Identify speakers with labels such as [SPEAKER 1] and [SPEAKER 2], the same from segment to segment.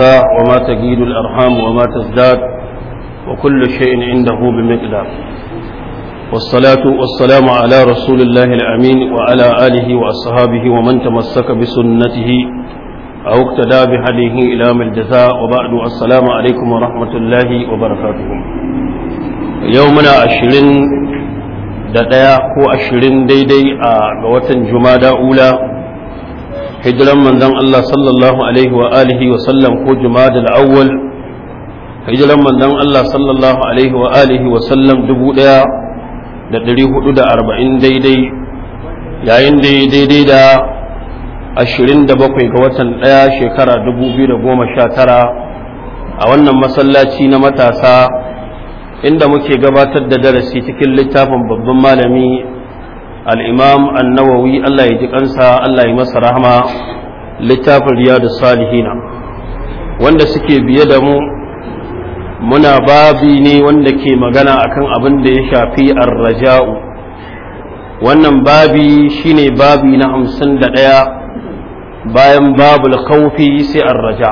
[SPEAKER 1] وما تجيد الأرحام وما تزداد وكل شيء عنده بمقدار والصلاة والسلام على رسول الله الأمين وعلى آله وأصحابه ومن تمسك بسنته أو اقتدى بهديه إلى ملجزاء وبعد السلام عليكم ورحمة الله وبركاته يومنا عشرين دقيقة وعشرين ديدي آه وتن جمادى أولى hijiran manzon Allah sallallahu alaihi wa alihi wa sallam ko jumadal awwal hijiran manzon Allah sallallahu alaihi wa alihi wa sallam dubu daya da dari hudu da arba'in daidai yayin da daidai da ashirin da bakwai ga watan daya shekara dubu biyu da goma sha tara a wannan masallaci na matasa inda muke gabatar da darasi cikin littafin babban malami al'imam annawawi Allah ya ji kansa Allah ya masa rahama littafin riyadu salihina wanda suke biye da mu muna babi ne wanda ke magana akan abin da ya shafi arraja'u wannan babi shine babi na hamsin da ɗaya bayan babul khawfi sai arraja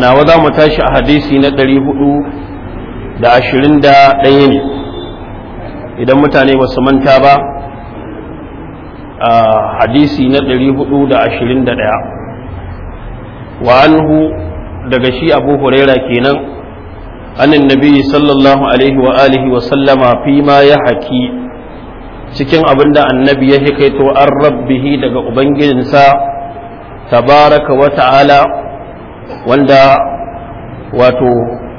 [SPEAKER 1] nawa za mu tashi a hadisi na ɗari hudu da ashirin da ɗaya ne idan mutane ba su manta ba hadisi na 421 wa anhu daga shi abu huraira kenan annin nabi sallallahu alaihi wa alihi wa sallama fi ma ya cikin abin da annabi ya to an rabbihi daga ubangijinsa tabaraka wa ta'ala wanda wato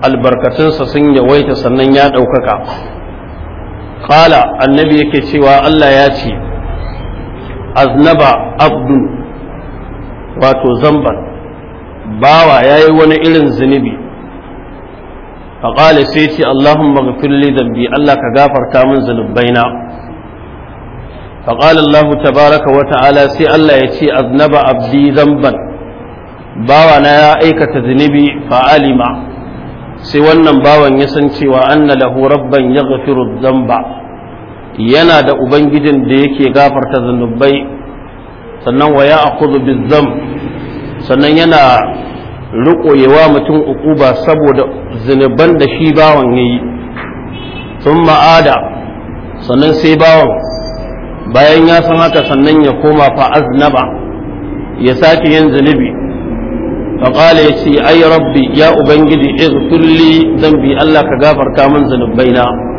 [SPEAKER 1] albarkatunsa sun yawaita sannan ya ɗaukaka ƙala annabi yake cewa allah ya ce aznaba abdun wato zamban bawa ya yi wani irin zunubi faƙali sai ce allahun magafirli dambi allah ka gafarta min zunubaina faƙali allahu tabaraka wa ta'ala sai allah ya ce aznaba abdi zamban bawana ya aikata ba Alima sai wannan bawan ya san cewa anna lahu rabban ya gafiru zamba yana da ubangijin da yake gafarta zunubai sannan wa ya akuzu bizzam sannan yana riƙoyewa mutum ba saboda zunuban da shi bawan ya yi sun ma'ada sannan sai bawan bayan ya san haka sannan ya koma fa'aznaba ya sake yin zunubi فقال ya ubangiji ya يا zan اغفر allah ka ka min zinubai na.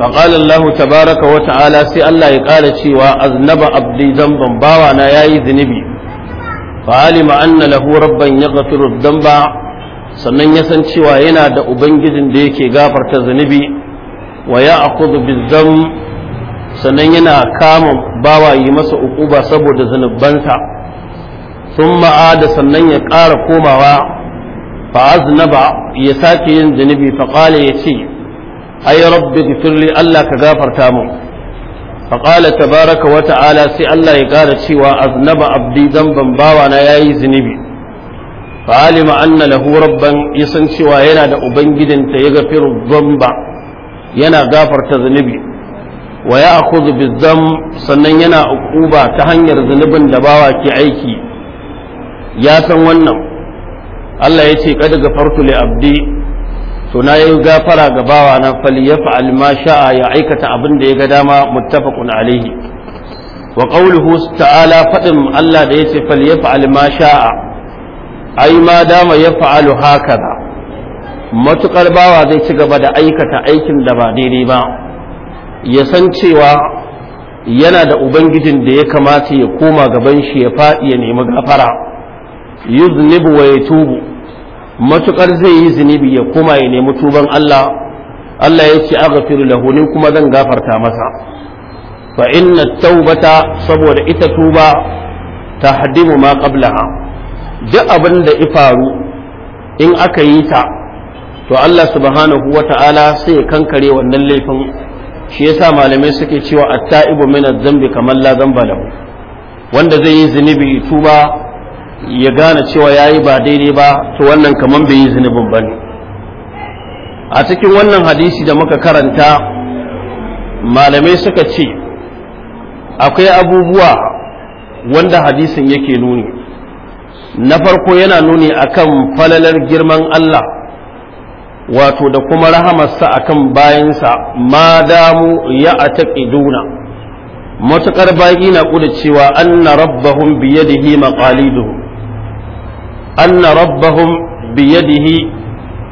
[SPEAKER 1] فقال الله تبارك وتعالى سي الله يقال شيوا أذنب عبدي ذنبا باوانا ياي ذنبي فعلم أن له ربا يغفر الذنب sannan ya san cewa yana da ubangijin da yake gafarta zunubi wa ya akudu bizzam sannan yana kama bawa yi masa ukuba saboda zunubansa sun ma'ada sannan ya ƙara komawa fa aznaba ya sake yin zunubi fa ya ce ay rabbi gfirli Allah ka gafarta mu fa qala tabaraka wata ala sai Allah ya kara cewa aznaba abdi zamban bawa na yayi zunubi fa alima annala lahu yasan cewa yana da ubangijin ta ya gafiru zamba yana gafarta zunubi wa ya'khudhu bizam sannan yana uquba ta hanyar zunubin da bawa ke aiki ya san wannan Allah ya ce kada gafartu li abdi to na yi gafara ga bawa na falyaf'al ma sha'a ya aikata abin da ya ga dama muttafaqun alaihi wa qawluhu ta'ala fadin Allah da ya falyaf'al ma sha'a ai ma dama ya haka hakaza Matuƙar bawa zai ci gaba da aikata aikin da ba daidai ba ya san cewa yana da ubangijin da ya kamata ya koma gaban shi ya faɗi ya nemi gafara yuznibu wa yatubu matuƙar zai yi zunubi ya koma ya nemi tuban Allah Allah ya ce aka lahu ni kuma zan gafarta masa fa inna taubata saboda ita tuba ta haddimu ma qablaha duk abin da ifaru in aka yi ta to Allah subhanahu wata'ala sai ya kankare wannan laifin shi yasa malamai suke cewa at-ta'ibu min adh-dhanbi kaman la dhanba lahu wanda zai yi zunubi tuba ya gane cewa ya yi ba daidai ba to wannan kamar bai yi zunubin ba ne a cikin wannan hadisi da muka karanta malamai suka ce akwai abubuwa wanda hadisin yake nuni na farko yana nuni akan falalar girman Allah wato da kuma rahamarsa akan bayansa ma damu ya a ataqiduna matuƙar baƙi na ƙuda cewa an na biye da hima ƙalidu anna ربهم biyadihi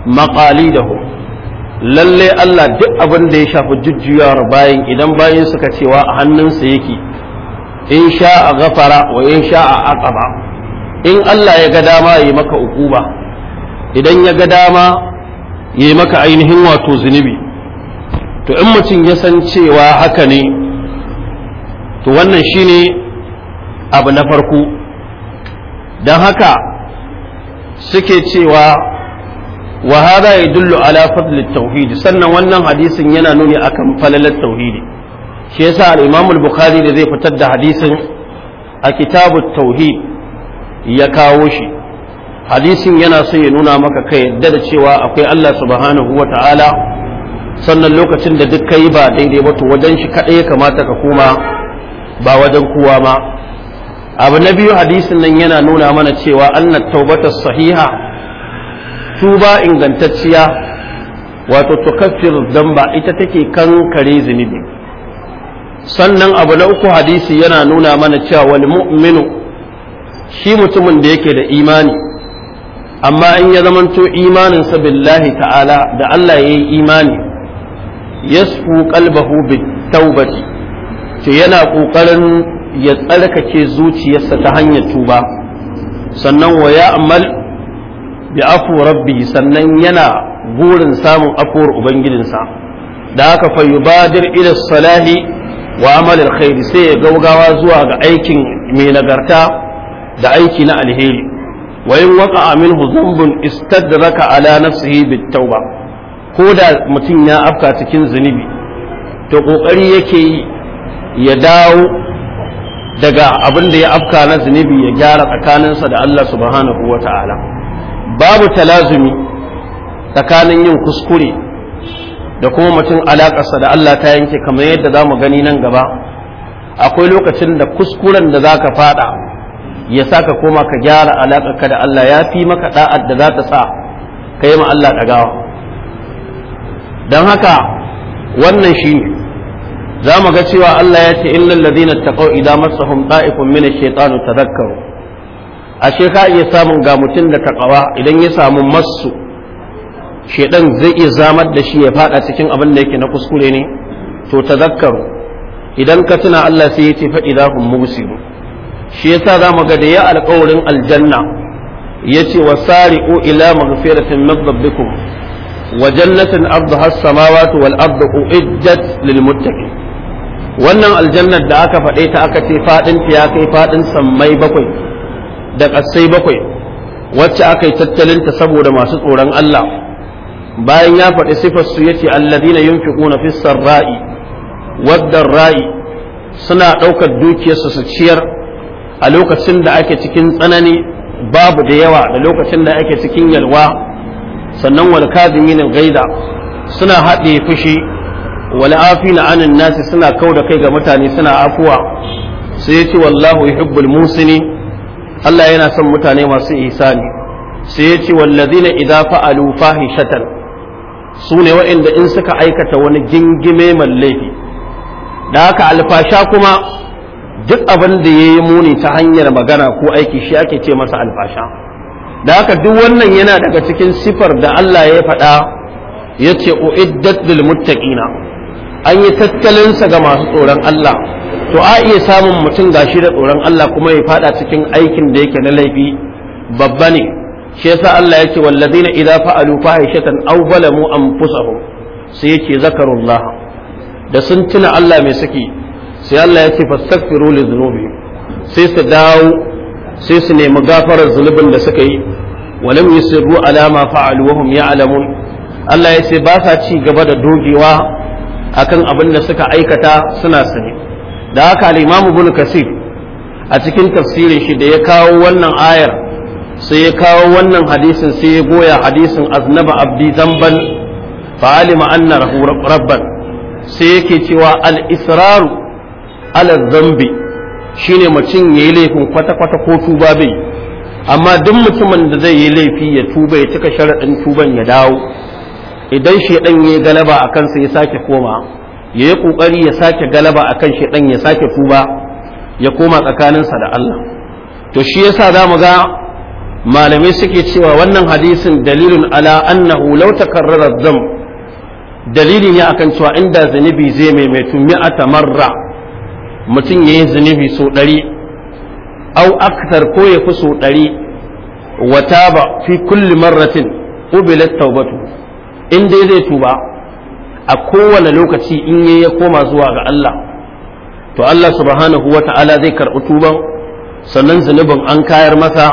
[SPEAKER 1] maqalidahum lalle Allah duk abin da ya shafi jujjuyawar bayan idan bayan suka cewa a hannunsa yake in sha a gafara wa in sha a aqaba in Allah ya ga dama yi maka ukuba idan ya ga dama yi maka ainihin wato zunubi to in mutum ya san cewa haka ne to wannan shine abu na farko don haka suke cewa wa hada dullu ala fadl tauhid sannan wannan hadisin yana nuni akan falalar tauhidi shi yasa al-imam al-bukhari da zai fitar da hadisin a kitabu tauhid ya kawo shi hadisin yana so ya nuna maka kai yadda da cewa akwai Allah subhanahu wa ta'ala sannan lokacin da duk kai ba daidai ba to wajen shi kaɗai ya kamata ka koma ba wajen kowa ma abu na biyu hadisin nan yana nuna mana cewa annat taubata sahiha tuba ingantacciya wato tukaffir damba ita take kankare zunubi sannan abu na uku hadisi yana nuna mana cewa wal mu'minu shi mutumin da yake da imani amma in ya zamanto imaninsa billahi ta'ala da Allah yayi imani yasfu qalbahu bit taubati to yana kokarin ya tsarkake zuciyarsa ta hanyar tuba sannan wa ya amal bi afu rabbi sannan yana burin samun afuwar ubangijinsa da haka fayu yubadir ila salahi wa amal alkhairi sai ya gaugawa zuwa ga aikin mai nagarta da aiki na alheri wa in bin istar da raka ala nafsihi bit tauba ko da mutum ya afka cikin zunubi to kokari yake yi ya dawo daga abin da ya afka na zunubi ya gyara tsakaninsa da Allah subhanahu wa ta'ala babu talazumi tsakanin yin kuskure da kuma mutum alaƙarsa da Allah ta yanke kamar yadda za mu gani nan gaba akwai lokacin da kuskuren da za ka faɗa ya sa ka koma ka gyara alaƙarka da Allah ya fi maka ɗa'ar da za ta sa ka yi ma Allah ɗagawa don haka wannan shi ne za mu ga cewa Allah ya ce illal ladina taqaw idza massahum ta'ifun min ash-shaytanu tadhakkaru ashe ka iya samun ga mutum da taqawa idan ya samu masu shedan zai iya zamar da shi ya fada cikin abin da yake na kuskure ne to tadhakkaru idan ka tuna Allah sai ya ce fa idza hum shi yasa za mu ga da ya alƙawarin aljanna yace wasari'u ila maghfiratin min rabbikum وجنة أرضها السماوات والأرض أعدت للمتقين wannan aljannar da aka faɗe ta aka ce faɗin ta ya kai faɗin sammai bakwai da ƙasai bakwai wacce aka yi tattalin ta saboda masu tsoron Allah bayan ya faɗi sifar su yace alladina yunfiquna fis sarra'i wadda ra'i suna ɗaukar dukiyar su ciyar a lokacin da ake cikin tsanani babu da yawa da lokacin da ake cikin yalwa sannan wal kadimin gaida suna haɗe fushi wal afina anin nasi suna kau da kai ga mutane suna afuwa sai yace wallahu yuhibbul musini Allah yana son mutane masu ihsani sai yace wallazina idza fa'alu fahishatan su ne waɗanda in suka aikata wani gingime laifi? da haka alfasha kuma duk abin da ya muni ta hanyar magana ko aiki shi ake ce masa alfasha da haka duk wannan yana daga cikin sifar da Allah ya faɗa yace uiddat lil muttaqina an yi tattalinsa ga masu tsoron Allah to a iya samun mutum gashi da tsoron Allah kuma ya fada cikin aikin da yake na laifi babba ne shi yasa Allah yake wallazina idza fa'alu fahishatan aw zalamu anfusahum sai yake zakarullah da sun tuna Allah mai saki sai Allah yake fastaghfiru li dhunubihim sai su dawo sai su nemi gafarar zunubin da suka yi walam yusirru ala ma fa'alu wa hum ya'lamun Allah ya ce ba sa ci gaba da dogewa akan abin da suka aikata suna sani da haka al-imamu ibn kasir a cikin tafsirin shi da ya kawo wannan ayar sai ya kawo wannan hadisin sai ya goya hadisin aznaba abdi zamban fa alima anna rabban sai yake cewa al-israru ala zambi shine mutum yayi laifin kwata kwata ko tuba bai amma duk mutumin da zai yi laifi ya tuba ya cika sharaɗin tuban ya dawo idan shedan ya galaba a kansa ya sake koma ya yi kokari ya sake galaba a kan shedan ya sake tuba ya koma tsakaninsa da Allah to shi yasa za mu ga malamai suke cewa wannan hadisin dalilun ala annahu law takarrara dham dalili ne akan cewa inda zunubi zai maimaitu a marra mutum yayi zunubi so ɗari au akthar ko ya fi so ɗari wa taba fi kulli marratin ubilat tawbatu in dai zai tuba a kowane lokaci in yi ya koma zuwa ga Allah to Allah subhanahu wa ta'ala zai karɓi tuban sannan zunubin an kayar masa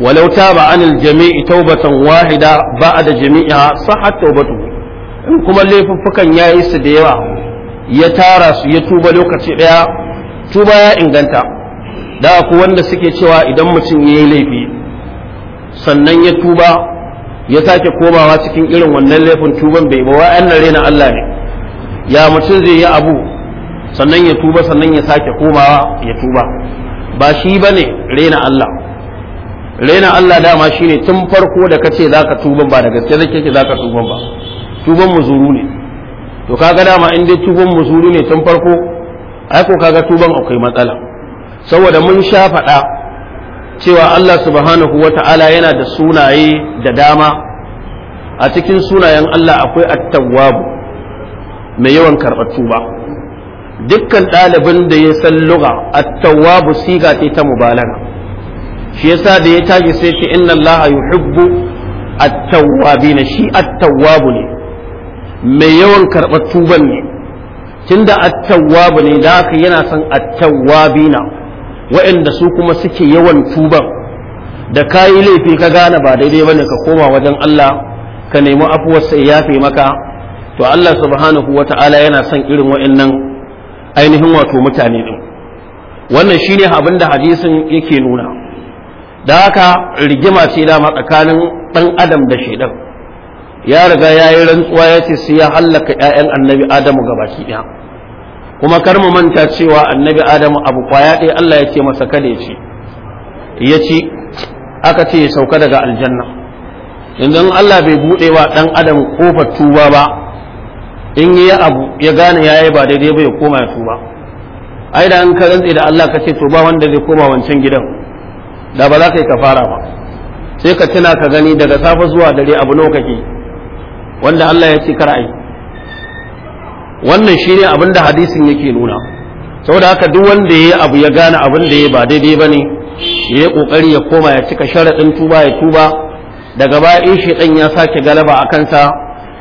[SPEAKER 1] walau ba anil jami'i taubatan wahida ba'da jami'iha sahat taubatu in kuma laifuffukan yi su da yawa ya tara su ya tuba lokaci ɗaya tuba ya inganta da ku wanda suke cewa idan mutum yayi laifi sannan ya tuba ya sake komawa cikin irin wannan laifin tuban bai ba wa'annan rena Allah ne ya mutum zai yi abu sannan ya tuba sannan ya sake komawa ya tuba ba shi ba ne rena Allah rena Allah dama shi ne tun farko da ka ce za ka tuban ba da gaske zake ke za ka tuban ba tuban muzuru ne to kaga dama in dai tuban muzuru ne tun farko ai ko kaga tuban akwai matsala saboda mun sha faɗa cewa Allah subhanahu wa ta'ala yana da sunaye da dama a cikin sunayen Allah akwai attawwabu mai yawan karɓar tuba dukkan ɗalibin da ya san luga attawwabu siga ce ta mubalaga shi yasa da ya tashi sai shi inna Allah yuhibbu attawwabina shi attawwabu ne mai yawan karɓar tuban ne tunda attawwabu ne da haka yana son attawwabina wa'anda su kuma suke yawan tuban da kayi laifi ka gane ba daidai bane ka koma wajen Allah ka nemi afuwarsa ya yafe maka to Allah subhanahu wata'ala yana son irin wa'annan ainihin wato mutane din wannan shine abin da hadisin yake nuna da haka rigima ce dama tsakanin dan adam da shaidan ya riga ya yi rantsuwa ya ce sai ya hallaka 'ya'yan annabi adamu gabaki ɗaya kuma kar mu manta cewa annabi adamu abu kwaya ɗaya Allah ya ce masa kada ya ci ya ci aka ce ya sauka daga aljanna idan Allah bai buɗe wa ɗan adam kofar tuba ba in yi abu ya gane ya yi ba daidai ba ya koma ya tuba ai da an ka rantse da Allah ka ce to ba wanda zai koma wancan gidan da ba za ka yi fara ba sai ka tuna ka gani daga safe zuwa dare abu nawa kake wanda Allah ya ce kar ai wannan shine abin da hadisin yake nuna saboda haka duk wanda yayi abu ya gane abin da ya ba daidai bane yayi kokari ya koma ya cika sharadin tuba ya tuba daga baya in shedan ya sake galaba a kansa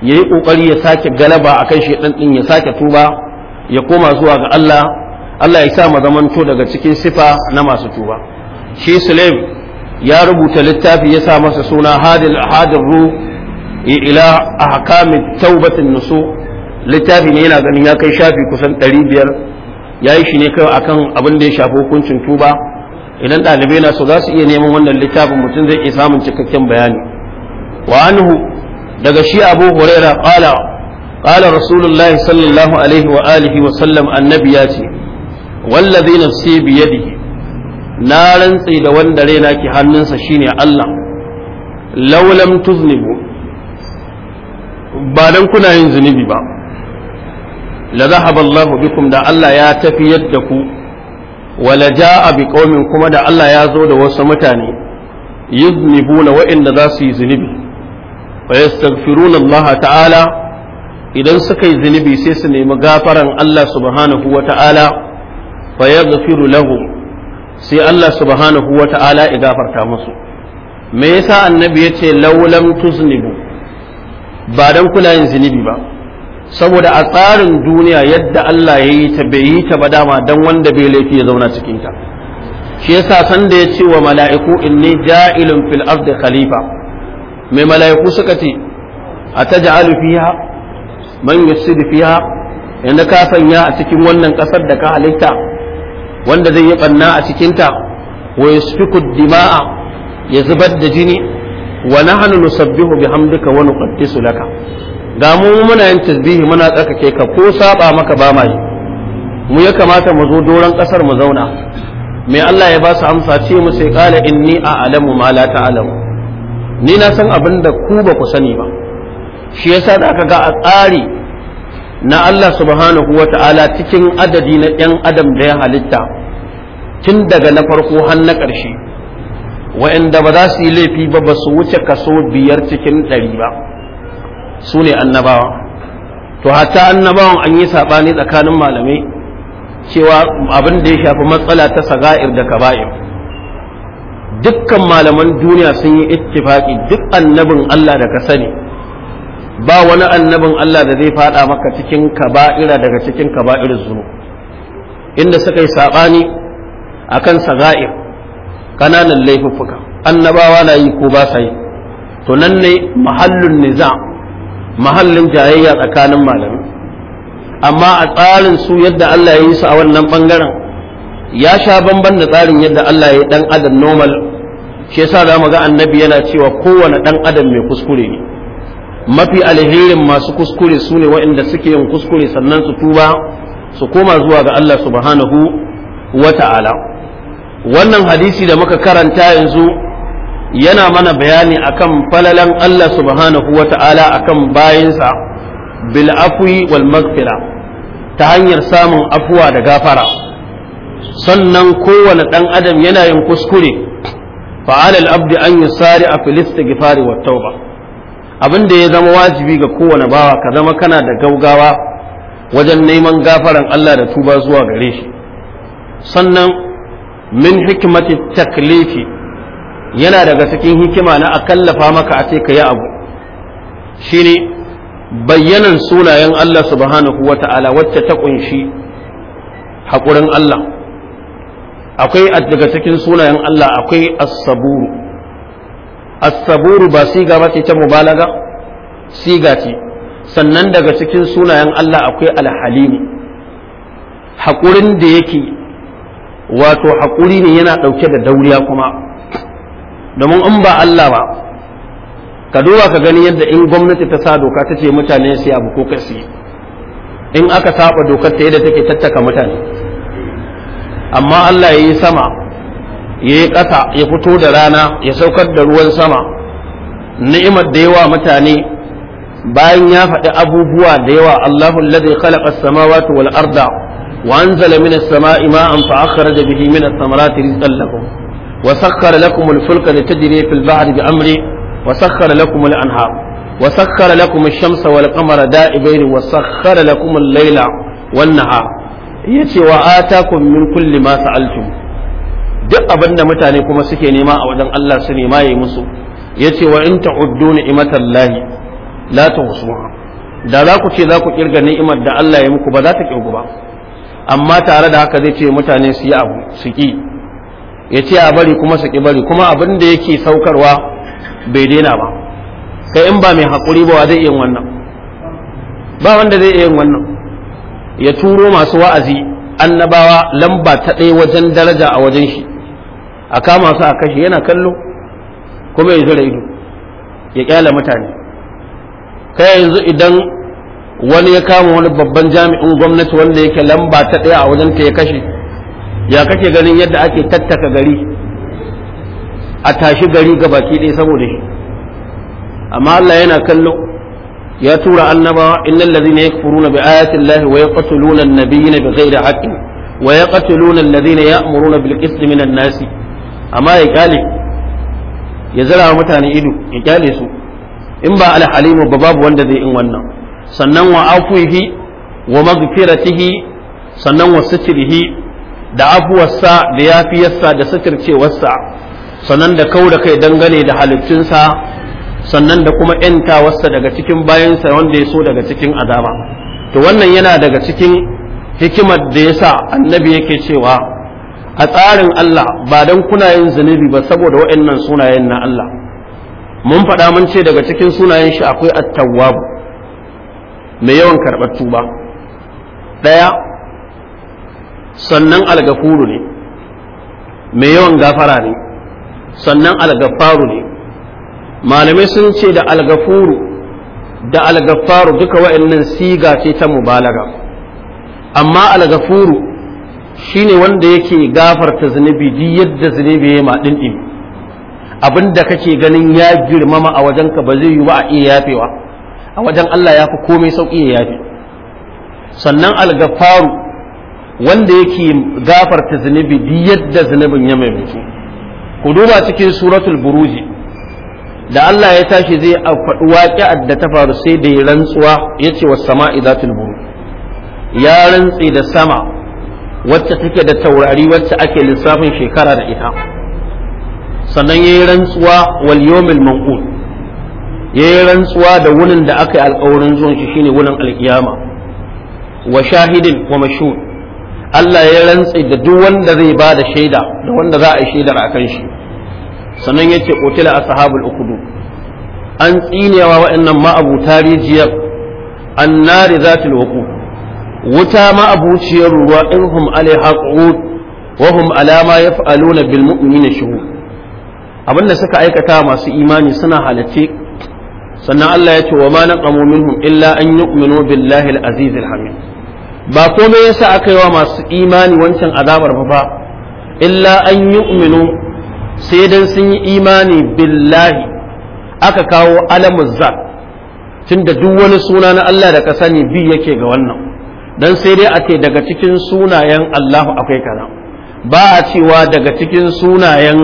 [SPEAKER 1] yi kokari ya sake galaba akan shedan din ya sake tuba ya koma zuwa ga Allah Allah ya sa mu zamanto daga cikin sifa na masu tuba shi Sulaim ya rubuta littafi ya sa masa suna hadil hadir ru ila ahkamit taubatin nusu littafi ne yana ganin ya kai shafi kusan ɗari biyar ya yi shi ne kawai akan abin da ya shafi hukuncin tuba idan ɗalibai na so za su iya neman wannan littafin mutum zai iya samun cikakken bayani wa anhu daga shi abu huraira qala qala rasulullahi sallallahu alaihi wa alihi wa sallam annabi ya ce wallazi nafsi biyadihi na rantsi da wanda raina ke hannunsa shine Allah laulam tuznibu ba dan kuna yin zunubi ba la zahaba Allah bikum da Allah ya tafiyar da ku wala jaa bi qaumin kuma da Allah ya zo da wasu mutane yuznibuna wa'inda za su yi zunubi wa yastaghfiruna Allah ta'ala idan suka yi zunubi sai su nemi gafaran Allah subhanahu wa ta'ala fa yaghfiru lahum sai Allah subhanahu wa ta'ala ya gafarta musu me yasa annabi yace laulam tuznibu ba dan kula yin zunubi ba saboda a tsarin duniya yadda Allah ya yi ta bai yi ta ba dama dan wanda bai laifi ya zauna cikin ta shi yasa san da ya ce wa mala'iku inni ja'ilun fil ardi khalifa mai mala'iku suka ce a ataj'alu fiha man yusid fiha yanda ka sanya a cikin wannan kasar da ka halitta wanda zai yi banna a cikin ta wa yasfiku dima'a ya zubar da jini wa nahnu nusabbihu bihamdika wa nuqaddisu laka ga mu muna yin tasbihi muna tsarkake ka ko saba maka ba ma mu ya kamata mu zo doron kasar mu zauna mai Allah ya ba su amsa ce mu sai kala inni a alamu ma la ta'lamu ni na san abin da ku ba ku sani ba shi yasa da aka ga a tsari na Allah subhanahu wa ta'ala cikin adadi na ɗan adam da ya halitta tun daga na farko har na ƙarshe wa'anda ba za su yi laifi ba ba su wuce kaso biyar cikin ɗari ba su ne annabawa to hatta annabawan an yi saɓani tsakanin malamai cewa abin da ya shafi matsala ta saga'ir da kaba'ir dukkan malaman duniya sun yi ittifaki duk annabin Allah da ka sani ba wani annabin Allah da zai fada maka cikin kaba'ira daga cikin kaba'ir zuwa inda suka yi saɓani kan saga'ir ƙananan laifuffuka annabawa na yi ko ba sa yi to nan ne mahallun niza mahallin jayayya tsakanin malamai amma a tsarin su yadda Allah ya yi su a wannan bangaren ya sha bamban da tsarin yadda Allah ya yi dan adam normal shi yasa za mu ga annabi yana cewa kowane dan adam mai kuskure ne mafi alherin masu kuskure su ne waɗanda suke yin kuskure sannan su tuba su koma zuwa ga Allah subhanahu wata'ala ala. wannan hadisi da muka karanta yanzu yana mana bayani akan falalan Allah subhanahu wa ta'ala akan bayinsa bil afwi wal magfira ta hanyar samun afuwa da gafara sannan kowane ɗan adam yana yin kuskure fa'alal abdi an yi sari a filista gifari wa tauba abin da ya zama wajibi ga kowane bawa ka zama kana da gaugawa wajen neman gafaran Allah da tuba zuwa gare shi sannan min hikimati taklifi yana daga cikin hikima na a kallafa maka a ce ka yi abu ne bayyanan sunayen Allah subhanahu wa ta'ala wacce ta kunshi haƙurin Allah akwai daga cikin sunayen Allah akwai as-saburu ba siga ba ce ta mubalaga siga ce sannan daga cikin sunayen Allah akwai alhalimi haƙurin da yake wato haƙuri ne yana ɗauke da dauriya kuma domin in ba Allah ba ka duba ka gani yadda in gwamnati ta sa doka ta ce mutane su abu ko kasi in aka saba dokar ta yadda take tattaka mutane amma Allah ya yi sama ya yi ƙasa ya fito da rana ya saukar da ruwan sama ni'imar da yawa mutane bayan ya faɗi abubuwa da yawa Allahu alladhi khalaqa as-samawati wal arda wa anzala minas sama'i ma'an fa akhraja bihi minas thamarati rizqan lakum وسخر لكم الفلك لتجري في البحر بأمره وسخر لكم الأنهار وسخر لكم الشمس والقمر دائبين وسخر لكم الليل والنهار yace wa atakum min kulli ma sa'altum duk abinda mutane kuma suke nema a wajen Allah su nema yi musu yace wa in ta'uddu ni'matallahi la tuhsuha da za ku ce za ku kirga ni'imar da Allah ya muku ba za ta kirgu ba amma tare da haka zai ce mutane su yi abu su ki ya ce a bari kuma su bari kuma abin da yake saukarwa bai daina ba sai in ba mai haƙuri ba zai iya wannan ba wanda zai iya wannan ya turo masu wa'azi annabawa lamba ta ɗaya wajen daraja a wajen shi a kama su a kashe yana kallo kuma ya zura ido ya kyala mutane kai yanzu idan wani ya kama wani babban jami'in gwamnati wanda yake lamba ta ɗaya a wajen ta ya kashe ya kake ganin yadda ake tattaka gari a tashi gari ga baki ɗaya saboda shi amma Allah yana kallo ya tura annabawa innal ladzina yakfuruna bi ayati llahi wa yaqtuluna an-nabiyina bighairi haqqin wa yaqtuluna alladhina ya'muruna bil qisti minan nasi amma ya kyale ya zara mutane ido ya kyale su in ba al alhalimu ba babu wanda zai in wannan sannan wa afuhi wa maghfiratihi sannan wa sitrihi da afuwarsa da yafiyarsa da suturcewarsa sannan da kau da kai dangane da halittunsa sannan da kuma ‘yantawarsa daga cikin bayansa wanda ya so daga cikin azaba to wannan yana daga cikin hikimar da ya sa annabi yake cewa a tsarin Allah ba don kuna yin zunubi ba saboda waɗannan sunayen na Allah mun faɗa mun ce daga cikin sunayen shi akwai attawwab mai yawan karɓar tuba ɗaya sannan algafuru ne mai yawan gafara ne sannan algafaru ne malamai sun ce da algafuru da algafaru duka wa'annan siga ce ta mubalaga amma algafuru shine wanda yake gafarta zunubi duk yadda zunubi ya maɗin ɗin abin da kake ganin ya girmama a wajenka ba zai yi ba a iya yafewa a wajen Allah ya fi komai sauƙi ya yafe sannan algafaru wanda yake gafarta zunubi duk yadda zunubin ya mutu. ku duba cikin suratul buruji da Allah ya tashi zai faɗi waƙi'ar da ta faru sai da ya rantsuwa ya ce wa sama'i zatul buruj ya rantse da sama wacce take da taurari wacce ake lissafin shekara da ita sannan ya yi rantsuwa wal yawmil manqul ya yi rantsuwa da wunin da aka yi alƙawarin zuwan shi shine wunin alƙiyama wa shahidin wa mashhud Allah ya rantse da duk wanda zai ba da shaida da wanda za a yi shaidar a kan shi sannan yace qutila ashabul ukhdud an tsinewa wa'annan ma'abuta rijiyar annari zatul wuqud wuta ma'abuciyar ruwa in hum alaiha qu'ud wa hum ala ma yaf'aluna bil mu'minina shuhud abinda suka aikata masu imani suna halace sannan Allah ya ce wa ma naqamu minhum illa an yu'minu billahi al-aziz al-hamid ba komai yasa aka yi wa masu imani wancan azabar ba ba illa an yu'minu sai dan sun yi imani billahi aka kawo alamuzza tunda duk wani suna na Allah da ka sani bi yake ga wannan dan sai dai a daga cikin sunayen Allah akwai kana ba a cewa daga cikin sunayen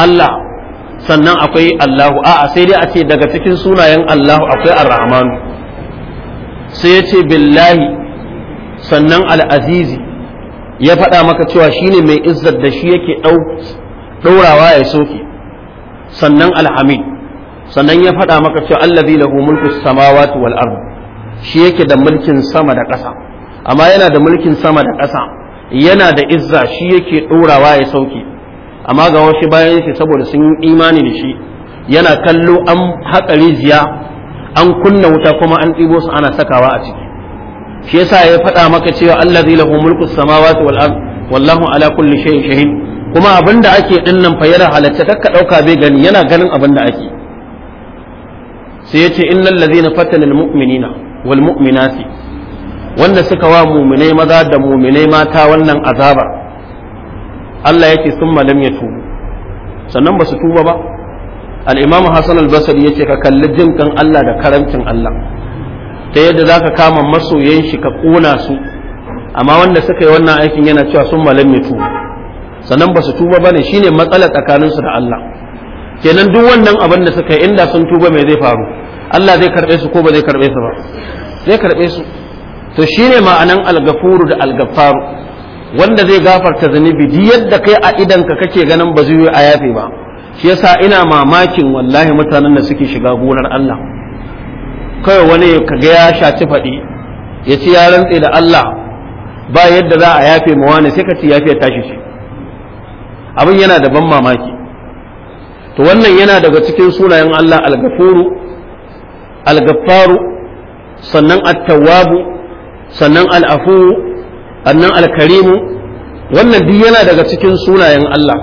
[SPEAKER 1] Allah sannan akwai Allahu a'a sai dai a daga cikin sunayen Allahu akwai Ar-Rahman sai ya ce billahi sannan al'azizi ya faɗa maka cewa shi ne mai izzar da shi yake ɗaurawa ya soke sannan alhamid sannan ya faɗa maka cewa allazi lahu mulku samawati wal ard shi yake da mulkin sama da ƙasa amma yana da mulkin sama da ƙasa yana da izza shi yake ɗaurawa ya sauke amma ga wasu bayan yake saboda sun yi imani da shi yana kallo an haƙa rijiya an kunna wuta kuma an ɗibo su ana sakawa a ciki shi yasa ya faɗa maka cewa zai lahu mulku samawati wal ard wallahu ala kulli shay'in shahid kuma abinda ake din nan fa yana halatta kakka dauka bai gani yana ganin abinda ake sai yace innal ladzina fatana al mu'minina wal mu'minati wanda suka wa mu'minai maza da mu'minai mata wannan azaba Allah yake malam ya yatubu sannan ba su tuba ba al-imam hasan al-basri yace ka kalli jinkan Allah da karamcin Allah ta yadda za ka kama masoyan shi ka ƙona su amma wanda suka yi wannan aikin yana cewa sun tuba sannan ba su tuba ba ne shine matsala tsakaninsu da Allah kenan duk wannan abin da suka yi inda sun tuba mai zai faru Allah zai karɓe su ko ba zai karɓe su ba zai karɓe su to shine ma'anan algafuru da algafaru wanda zai gafarta zunubi duk yadda kai a ka kake ganin ba zai a yafe ba shi yasa ina mamakin wallahi mutanen da suke shiga gonar Allah kawai wani kaga ya shaci faɗi ya ci ya rantse da Allah ba yadda za a yafe ma wani sai ka ci yafe tashi shi abin yana da ban mamaki to wannan yana daga cikin sunayen Allah al-gafuru al-gaffaru sannan at-tawwabu sannan al-afu annan al-karimu wannan duk yana daga cikin sunayen Allah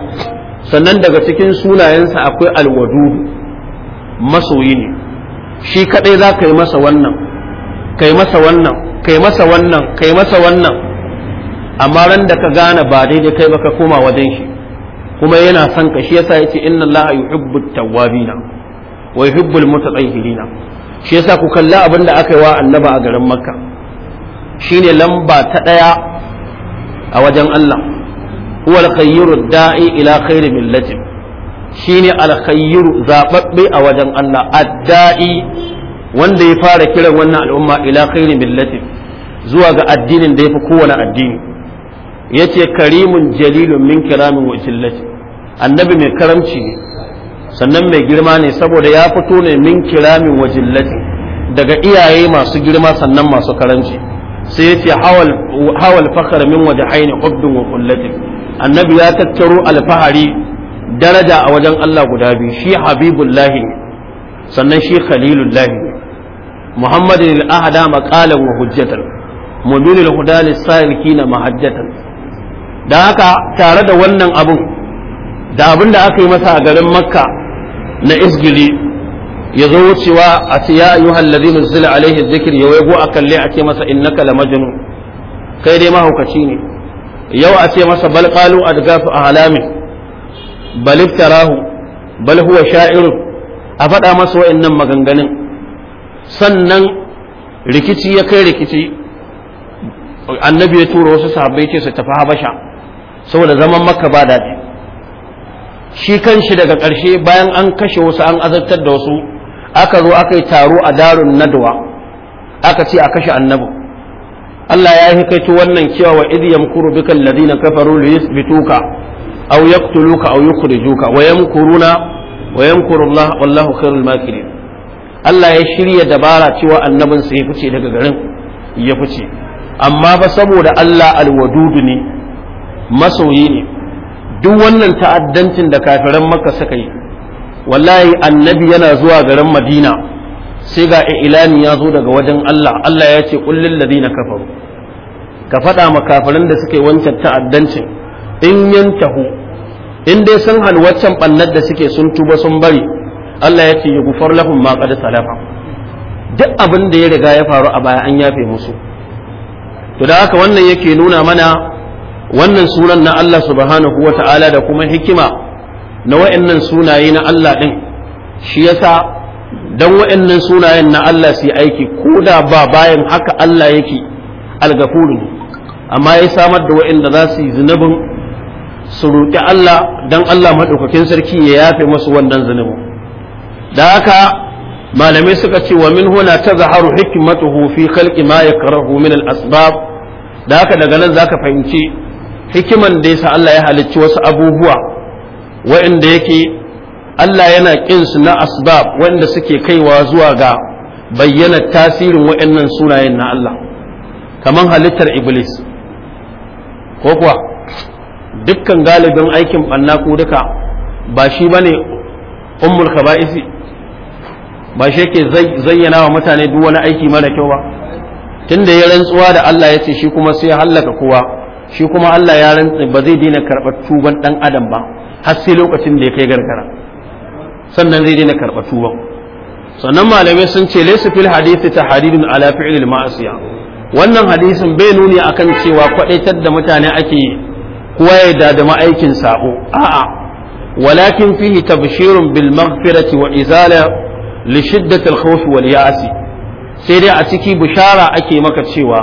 [SPEAKER 1] sannan daga cikin sunayensa akwai al masoyi ne shi kadai za ka yi masa wannan kai masa wannan kai masa wannan kai masa wannan amma ran da ka gane ba daidai kai ba ka koma wajen shi kuma yana son ka shi yasa yace inna allaha yuhibbu tawwabina wa yuhibbul mutatahhirina shi yasa ku kalla abin da aka yi wa annaba a garin makka shine lamba ta daya a wajen Allah huwa al-khayru da'i ila khayri millatin shine alkhayru zaɓaɓɓe a wajen Allah adda'i wanda ya fara kiran wannan al'umma ila khairi millati zuwa ga addinin da yafi kowane addini yace karimun jalilun min kiramin wa jillati annabi mai karamci ne sannan mai girma ne saboda ya fito ne min kiramin wa jillati daga iyaye masu girma sannan masu karamci sai yace hawal hawal fakhr min wajhaini hubdun wa qullati annabi ya tattaro alfahari daraja a wajen Allah guda biyu shi habibullahi ne sannan shi khalilullahi ne muhammadin al'ahada maqalan wa hujjatan mubinul huda kina mahajjatan da haka tare da wannan abun da abin da aka yi masa a garin makka na isgili ya zo wucewa a ce ya ayyuhal ladhi alaihi ya waigo a kalle a ce masa in la majnun kai dai mahaukaci ne yau a ce masa bal qalu a ahlamin bal iftarahu bal huwa sha'ir a faɗa masa wa'annan maganganun sannan rikici ya kai rikici annabi ya tura wasu sahabbai ce su tafi habasha saboda zaman makka ba daɗi shi kanshi daga ƙarshe bayan an kashe wasu an azabtar da wasu aka zo aka yi taro a darun nadwa aka ce a kashe Annabi. Allah ya yi kaito wannan cewa wa idh yamkuru bika ladina kafaru liyuthbituka aw yaqtuluka aw yukhrijuka wa yamkuruna wa yamkuru Allah wallahu khairul Allah ya shirya dabara cewa annabin sa ya fice daga garin ya fice amma ba saboda Allah alwadudu ne masoyi ne duk wannan ta'addancin da kafiran Makka suka yi wallahi annabi yana zuwa garin Madina sai ga ilani ya zo daga wajen Allah Allah ya ce kullil ladina kafaru ka faɗa ma kafirin da suka yi wancan ta'addancin in yantahu in dai sun hannu waccan ɓannar da suke sun tuba sun bari Allah ya ce ya gufar lahum ma qad salafa duk abin da ya riga ya faru a baya an yafe musu to da haka wannan yake nuna mana wannan sunan na Allah subhanahu wa ta'ala da kuma hikima na wa'annan sunaye na Allah ɗin shi yasa dan wa'annan sunayen na Allah su aiki ko da ba bayan haka Allah yake algafuru amma ya samar da wa'anda za su yi zunubin su roƙi Allah don Allah maɗaukakin sarki ya yafe masu wannan zunubu da haka malamai suka ce wa min huna ta zaharu hikimatuhu fi khalqi ma yakrahu min al asbab da haka daga nan zaka fahimci hikiman da yasa Allah ya halicci wasu abubuwa waɗanda yake Allah yana kin su na asbab wanda suke kaiwa zuwa ga bayyana tasirin waɗannan sunayen na Allah kaman halittar iblis ko kuwa dukkan galibin aikin ɓanna ko duka ba shi ba ne ummul kaba'isi ba shi yake zayyana wa mutane duk wani aiki mara kyau ba tunda ya rantsuwa da Allah ya ce shi kuma sai ya hallaka kowa shi kuma Allah ya rantsa ba zai daina karɓar tuban ɗan adam ba har sai lokacin da ya kai gargara sannan zai daina karɓar tuban sannan malamai sun ce laysa fil hadisi tahridun ala fi'l ma'asiya wannan hadisin bai nuni akan cewa kwadaitar da mutane ake kowa ya dadama aikin sabo a'a walakin fihi tabshirun bil maghfirati wa izala li shiddati al khawf wal ya'as sai dai a ciki bishara ake maka cewa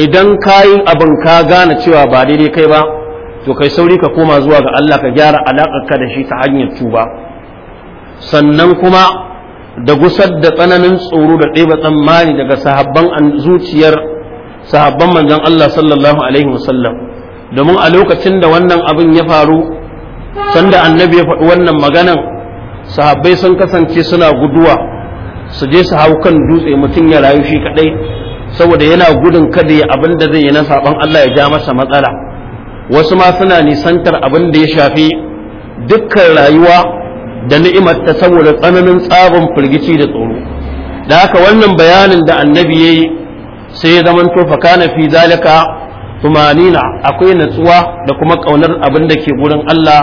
[SPEAKER 1] idan kayin abin ka gane cewa ba daidai kai ba to kai sauri ka koma zuwa ga Allah ka gyara ka da shi ta hanyar tuba sannan kuma da gusar da tsananin tsoro da ɗeba tsammani daga sahabban zuciyar sahabban manzon Allah sallallahu alaihi wasallam domin a lokacin da wannan abin ya faru sanda annabi ya faɗi wannan maganan sahabbai sun kasance suna guduwa su je su hau kan dutse mutum ya rayu shi kaɗai saboda yana gudun kada ya abin da zai yi na saɓon Allah ya ja masa matsala wasu ma suna nisantar abin da ya shafi dukkan rayuwa da ni'imar ta saboda tsananin tsabin firgici da tsoro da haka wannan bayanin da annabi ya yi sai ya zamanto fakana fi zalika tumanina akwai natsuwa da kuma ƙaunar abin da ke gurin Allah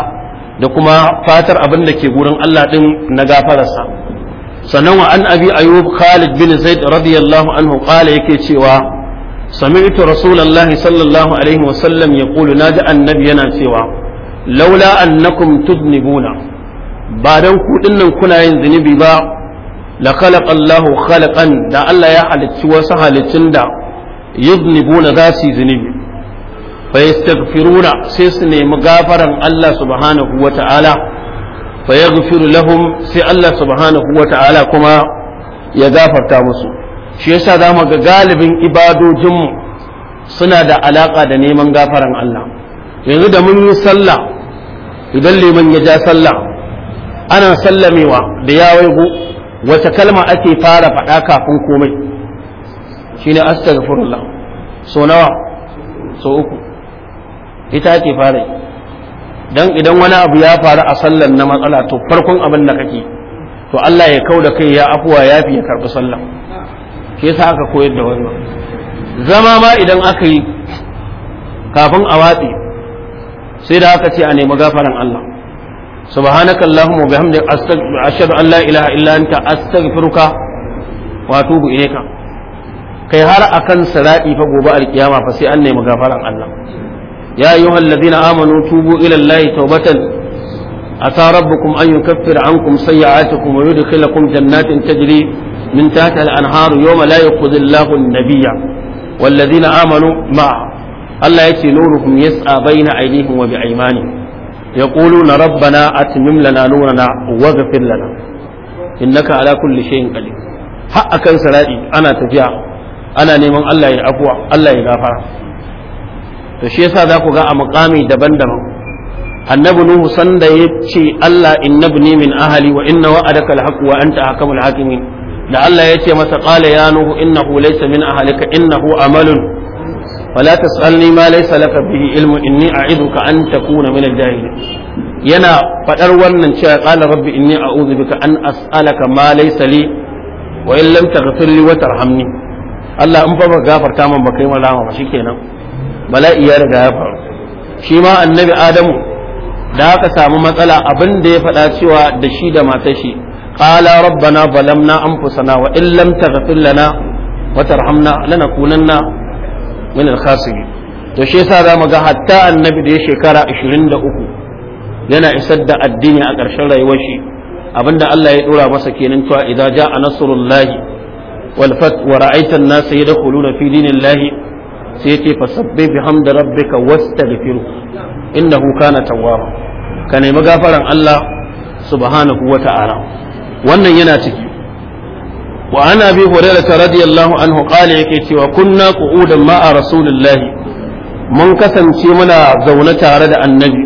[SPEAKER 1] da kuma fatar abin da ke gurin Allah din na gafararsa sannan wa an abi ayyub khalid bin zaid radiyallahu anhu qala yake cewa sami'tu rasulullahi sallallahu alaihi wa sallam yaqulu naji annabi yana cewa laula annakum tudnibuna ba dan ku dinnan kuna yin zunubi ba la khalaqa Allahu khalaqan da Allah ya halicci wasu halittun da yudnibuna za su yi zunubi fayastaghfiruna sai su nemi gafaran Allah subhanahu wata'ala fayaghfiru lahum sai Allah subhanahu wata'ala kuma ya gafarta musu shi yasa zamu ga galibin ibadojinmu suna da alaƙa da neman gafaran Allah yanzu da mun yi sallah idan liman ya ja sallah ana sallamewa da ya waigo kalma ake fara faɗa kafin komai shine astaghfirullah so nawa so uku ita ce fara dan idan wani abu ya faru a sallan na matsala to farkon abin da kake to Allah ya kau da kai ya afuwa ya fi ya karɓi sallan ke sa aka koyar da wannan zama ma idan aka yi kafin a watsi sai da aka ce a nemi gafaran Allah subhanaka allahumma bihamdika ashhadu an la ilaha illa anta astaghfiruka wa atubu ilayka kai har akan sirati fa gobe alkiyama fa sai an nemi gafaran Allah يا أيها الذين آمنوا توبوا إلى الله توبة عسى ربكم أن يكفر عنكم سيئاتكم ويدخلكم جنات تجري من تحت الأنهار يوم لا يخذ الله النبي والذين آمنوا معه الله يأتي نورهم يسعى بين أيديهم وبأيمانهم يقولون ربنا أتمم لنا نورنا واغفر لنا إنك على كل شيء قدير حقا سلائي أنا تجاه أنا نيمان الله يعفو الله يغفر to shi yasa za ku ga a muƙami daban-daban annabi nuhu sanda ya ce Allah innabni min ahali wa inna wa'adaka alhaq wa anta ahkamul hakimin da Allah ya ce masa qala ya nuhu innahu laysa min ahlika innahu amalun ولا تسألني ما ليس لك به علم إني أعذك أن تكون من الجاهلين ينا فدر wannan cewa qala rabbi inni a'udhu bika an as'alaka ma laysa li wa in lam taghfir li wa tarhamni Allah in fa ba gafarta man ba kai malama ba bala'i ya riga ya faru shi ma annabi adamu da aka samu matsala abin da ya faɗa cewa da shi da matar shi qala rabbana zalamna anfusana wa in lam taghfir lana wa tarhamna lanakunanna min al-khasirin to shi yasa zamu ga hatta annabi da ya shekara 23 yana isar da addini a ƙarshen rayuwar shi abinda Allah ya dora masa kenan cewa idza ja'a nasrullahi wal fath wa ra'aita an-nasa yadkhuluna fi dinillahi sai ce fasabbih hamda rabbika wastaghfiru innahu kana tawwaba ka nemi gafaran Allah subhanahu wa wannan yana ciki wa ana bi hurairah radiyallahu anhu qala yake cewa kunna qu'udan ma'a rasulillahi mun kasance muna zaune tare da annabi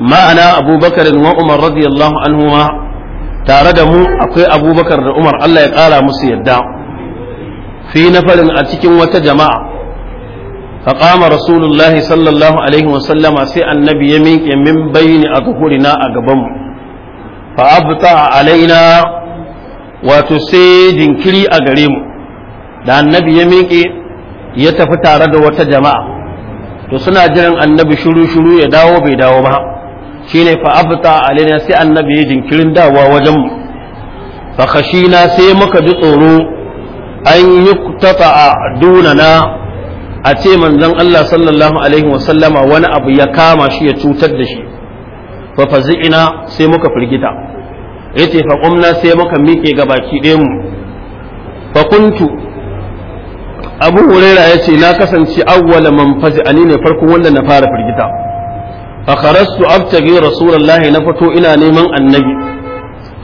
[SPEAKER 1] ma'ana abubakar wa umar radiyallahu anhu tare da mu akwai abubakar da umar Allah ya kara musu yadda Sai na farin a cikin wata jama'a fa qama rasulullahi sallallahu alaihi wa sallama sai annabi ya miƙe min bayni a kukuri na a gaban mu fa abta alaina wa tusidin kiri a gare mu da annabi ya miƙe ya tafi tare da wata jama'a to suna jiran annabi shuru shuru ya dawo bai dawo ba shine fa abta alaina sai annabi ya jinkirin dawo wajen mu fa sai muka ji tsoro an yi tafa'a dunana a ce manzon Allah sallallahu alaihi wasallama wani abu ya kama shi ya cutar da shi fa fazi'ina sai muka firgita yace fa qumna sai muka miƙe gabaki ɗayan mu fa kuntu abu huraira ya ce na kasance awwala man fazi'ani ne farkon wanda na fara firgita fa kharastu abtaghi rasulullahi na fito ina neman annabi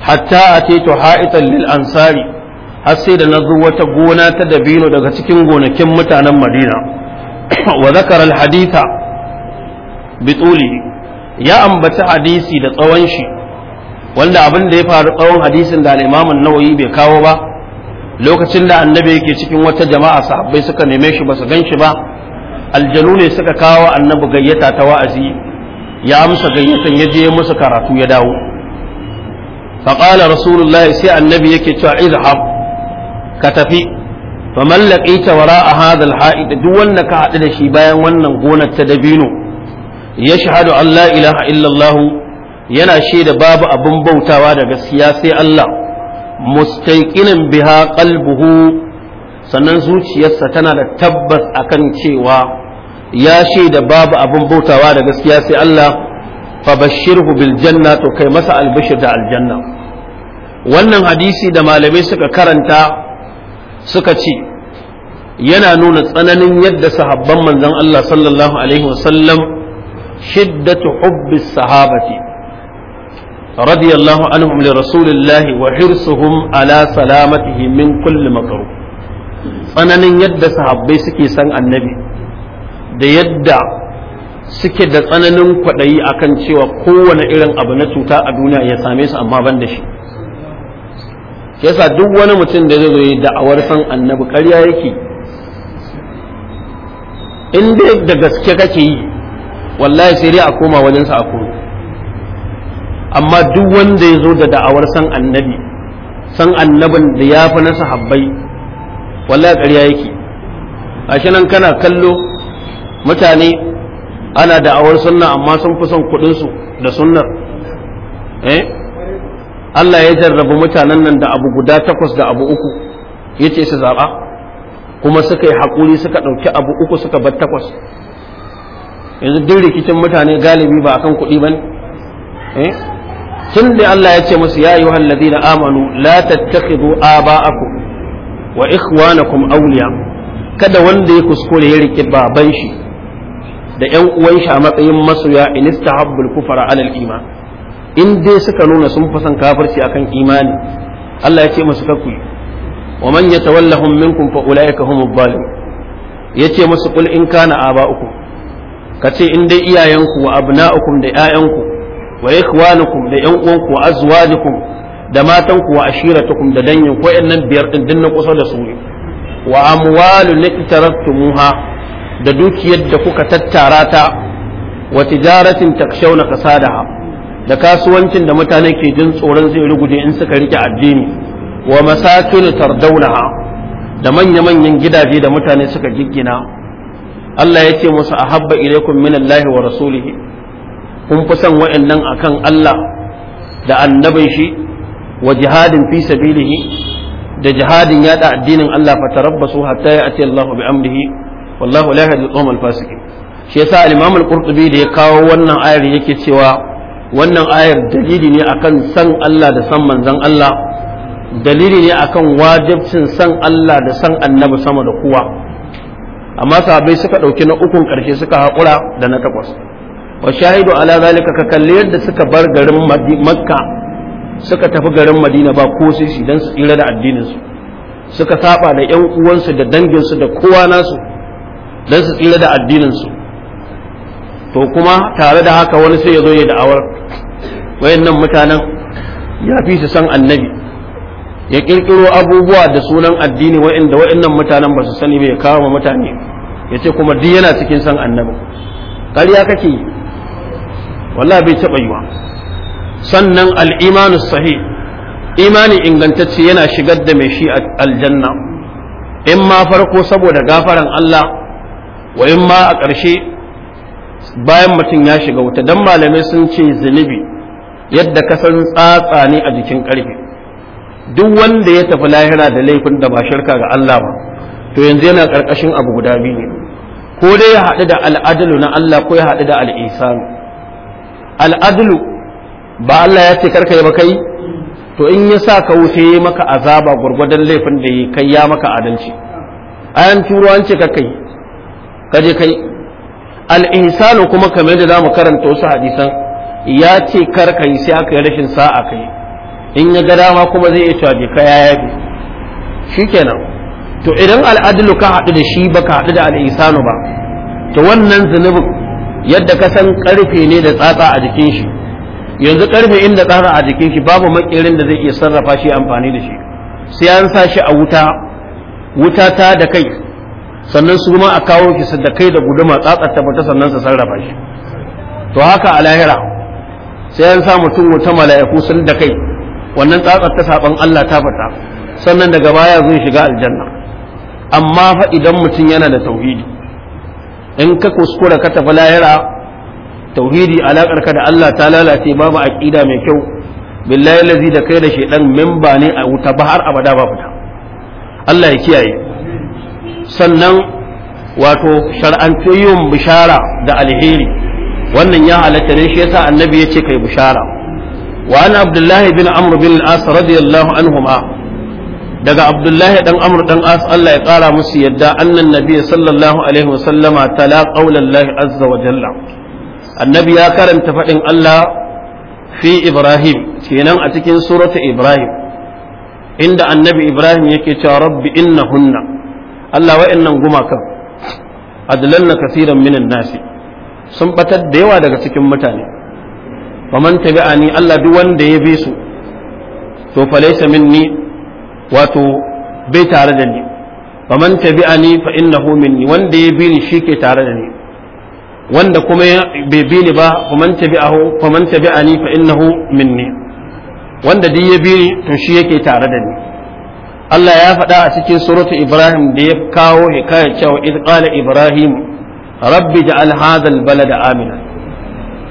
[SPEAKER 1] hatta ataitu ha'itan lil ansari har sai da na zo wata gona ta dabino daga cikin gonakin mutanen madina wa zakar alhaditha bituli ya ambaci hadisi da tsawon shi wanda abin da ya faru tsawon hadisin da al nawayi bai kawo ba lokacin da annabi yake cikin wata jama'a sahabbai suka neme shi ba su gan shi ba aljanu ne suka kawo annabi gayyata ta wa'azi ya amsa gayyatan ya je musu karatu ya dawo faqala rasulullahi sai annabi yake cewa izhab ka tafi fa mallaki ta wara a hadal ha'id duk wanda ka haɗu da shi bayan wannan gonar ta dabino ya shahadu Allah ilaha illallah yana shaida babu abin bautawa da gaskiya sai Allah mustaqinin biha qalbuhu sannan zuciyarsa tana da tabbas akan cewa ya shaida babu abin bautawa da gaskiya sai Allah fabashirhu bil janna to kai masa albishir da aljanna wannan hadisi da malamai suka karanta suka ce yana nuna tsananin yadda sahabban manzon Allah sallallahu alaihi wasallam shiddatu hubbis sahabati radiyallahu anhum li rasulillahi wa hirsuhum ala salamatihi min kulli makruh tsananin yadda sahabbai suke san annabi da yadda suke da tsananin kwaɗayi akan cewa kowane irin abu na cuta a duniya ya same su amma ban da shi yasa duk wani mutum da zai zo yi da'awar san annabi ƙarya yake in dai da gaske kake yi wallahi sai dai a koma wajensa a koma amma duk wanda ya zo da da'awar san annabi san annabin da ya fi na sahabbai wallahi ƙarya yake a nan kana kallo mutane ana da'awar sunna amma sun fi son kuɗinsu da sunnar eh Allah ya jarrabu mutanen nan da abu guda takwas da abu uku ya ce su zaɓa kuma suka yi haƙuri suka ɗauki abu uku suka bar takwas yanzu duk rikicin mutane galibi ba akan kuɗi ba ne eh? tun da Allah ya ce musu ya yi wa na amanu la tattakhidhu aba'akum wa ikhwanakum awliya kada wanda ya kuskure ya rike baban shi da ƴan uwan shi a matsayin masoya inistahabbul kufara alal iman in dai suka nuna sun fi son kafirci akan imani Allah ya ce musu kakku wa man yatawallahum minkum fa ulaika humul Ya yace musu kul in kana aba'uku kace in dai iyayenku wa abna'ukum da 'ya'yanku wa ikhwanukum da ƴan uwanku wa azwajukum da matanku wa ashiratukum da danyin ko nan biyar din din na kusa da su wa amwalun iktaraftumuha da dukiyar da kuka tattara ta wa tijaratin takshawna kasadaha da kasuwancin da mutane ke jin tsoron zai ruguje in suka rike addini wa masakin tardaunaha da manya-manyan gidaje da mutane suka giggina Allah ya ce musu habba ilaikum min Allah wa rasulihi kun fi son wa'annan akan Allah da annabin shi wa jihadin fi sabilihi da jihadin yada addinin Allah fa fatarabbasu hatta ya'ti Allahu bi amrihi wallahu la yahdi al-qawm al-fasiqin shi yasa al-imam al-qurtubi da ya kawo wannan ayar yake cewa wannan ayar dalili ne akan san Allah da san manzon Allah dalili ne akan wajibcin san Allah da san annabi sama da kowa amma sahabbai suka ɗauki na ukun ƙarshe suka haƙura da na takwas wa shahidu ala zalika ka kalli yadda suka bar garin makka suka tafi garin madina ba ko sai shi dan su tsira da addinin su suka saba da ƴan uwansu da danginsu da kowa nasu dan su tsira da addinin su to kuma tare da haka wani sai ya zo ya da'awar wayannan mutanen ya fi su san annabi ya kirkiro abubuwa da sunan addini wayanda wayannan mutanen ba su sani ba ya kawo mutane ya ce kuma duk yana cikin san annabi ƙarya kake yi wallahi bai taɓa yiwa sannan al'imanus sahih imani ingantacce yana shigar da mai shi aljanna in ma farko saboda gafaran Allah wa in ma a ƙarshe bayan mutum ya shiga wuta dan malamai sun ce zunubi yadda ka san tsatsa ne a jikin karfe duk wanda ya tafi lahira da laifin da ba shirka ga Allah ba to yanzu yana karkashin abu guda biyu ne ko dai ya haɗu da al'adalu na Allah ko ya haɗu da al'isanu al'adalu ba Allah ya ce karka yi ba kai to in ya sa ka wuce maka azaba gwargwadon laifin da ya kai ya maka adalci ayan turuwan ce ka kai kai al kuma kamar yadda zamu karanta wasu hadisan ya ce kar yi sai aka yi rashin sa'a kai in ya ga dama kuma zai iya cewa je ka yaya bi shikenan to idan al'adlu ka haɗu da shi ba ka haɗu da al'isanu ba to wannan zunubin yadda ka san karfe ne da tsatsa a jikin shi yanzu karfe inda tsara a jikin shi babu makerin da zai iya sarrafa shi amfani da shi sai an sa shi a wuta wuta ta da kai sannan su ma a kawo ki da kai da guduma tsatsar ta fita sannan su sarrafa shi to haka a lahira sai an sa mutum wuta mala'iku sun da kai wannan tsatsar ta saban Allah ta fita sannan daga baya zai shiga aljanna amma fa idan mutum yana da tauhidi in ka kuskura ka tafi lahira tauhidi alakar ka da Allah ta lalace babu aqida mai kyau billahi lazi da kai da shedan memba ne a wuta ba har abada ba fita Allah ya kiyaye sannan wato shar'antu yin bishara da alheri wannan ya halatta ne shi yasa annabi ya ce kai bishara wa ana abdullahi bin amr bin al-as radiyallahu anhuma daga abdullahi dan amr dan as Allah ya kara musu yadda annan nabi sallallahu alaihi wasallama tala qaulallahi azza wa jalla annabi ya karanta fadin Allah fi ibrahim kenan a cikin surata ibrahim inda annabi ibrahim yake cewa rabbi innahunna Allah wa'annan gumakan adlalna kaseeran minan nasi sun batar da yawa daga cikin mutane faman tabi'ani Allah duk wanda ya bi su to fa laysa minni wato bai tare da ni faman tabi'ani fa innahu minni wanda ya bi ni shike tare da ni wanda kuma bai bi ni ba faman tabi'ahu faman tabi'ani fa innahu minni wanda duk ya bi ni to shi yake tare da ni Allah ya faɗa a cikin suratu Ibrahim da ya kawo hikayar cewa id qala Ibrahim rabbi ja'al hadha al-balada amina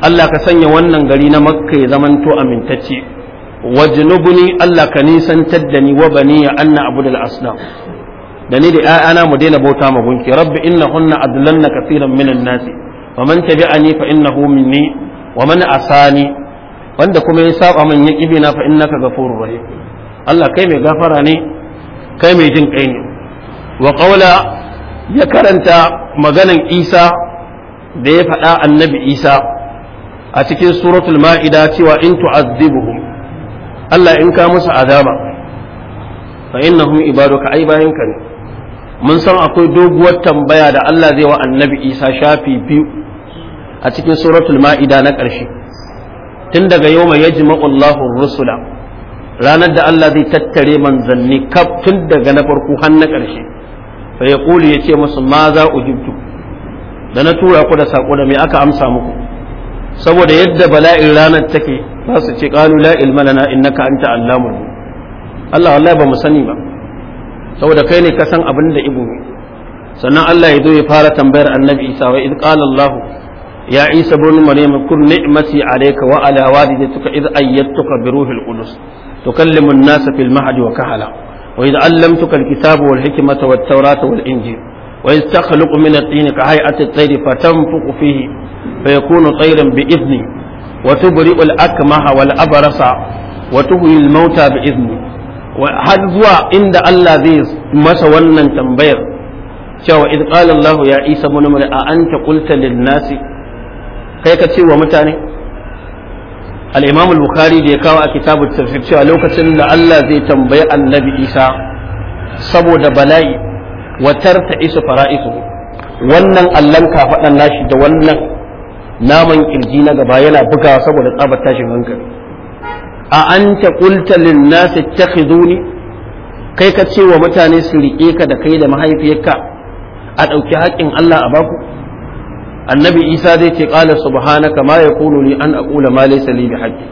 [SPEAKER 1] Allah ka sanya wannan gari na Makka ya zamanto amintacce wajnubni Allah ka nisantar da ni wa bani ya anna abudul asnam da ni da ƴaƴana mu daina bauta ma gunki rabbi innahunna adlanna kaseeran minan nasi wa man tabi'ani fa innahu minni wa man asani wanda kuma ya saba min ya kibina fa innaka ghafurur rahim Allah kai mai gafara ne kai mai jin kai ne wa ya karanta maganan Isa da ya faɗa annabi Isa a cikin suratul ma'ida cewa in tu'azzibuhum Allah in ka musu azaba fa innahum ibaduka ai bayan ka mun san akwai doguwar tambaya da Allah zai wa annabi Isa shafi biyu a cikin suratul ma'ida na ƙarshe tun daga yau mai yajma'u Allahu rusula ranar da Allah zai tattare manzanni kaf tun daga na farko har na ƙarshe sai ya kuli ya ce musu ma za ujibtu da na tura ku da sako da me aka amsa muku saboda yadda bala'in ranar take za su ce qalu la ilma lana innaka anta allamul Allah wallahi ba mu sani ba saboda kai ne ka san abin da ibo sannan Allah ya zo ya fara tambayar annabi Isa wa id qala Allah ya Isa ibn Maryam kun ni'mati alayka wa ala walidayka id ayyatuka bi ruhil qudus tukallimu an-nasa fil mahdi wa kahala wa idh allamtuka al-kitaba wal hikmata wat tawrata wal injil wa idh takhluqu min at-tin ka hay'ati at-tayr fatanfuqu fihi fayakunu tayran bi idhni wa tubri'u al-akmaha wal abrasa wa tuhyi bi idhni har zuwa inda Allah zai masa wannan tambayar cewa idh qala Allah ya Isa ibn a anta qulta lin-nasi kai ka ce wa mutane al-imam bukhari da ya kawo a kitabut tafsir cewa lokacin da Allah zai tambayi annabi Isa saboda bala'i wa isa isu fara'isu wannan allan kafadan nashi da wannan naman kirji na gaba yana bugawa saboda tsabar tashin hankali a anta qulta lin-nas ittakhiduni kai ka ce wa mutane su rike ka da kai da mahaifiyarka a ɗauki haƙƙin Allah a baku annabi isa zai ce qala subhanaka ma yakunu ni an aqula ma laysa li bihaqqi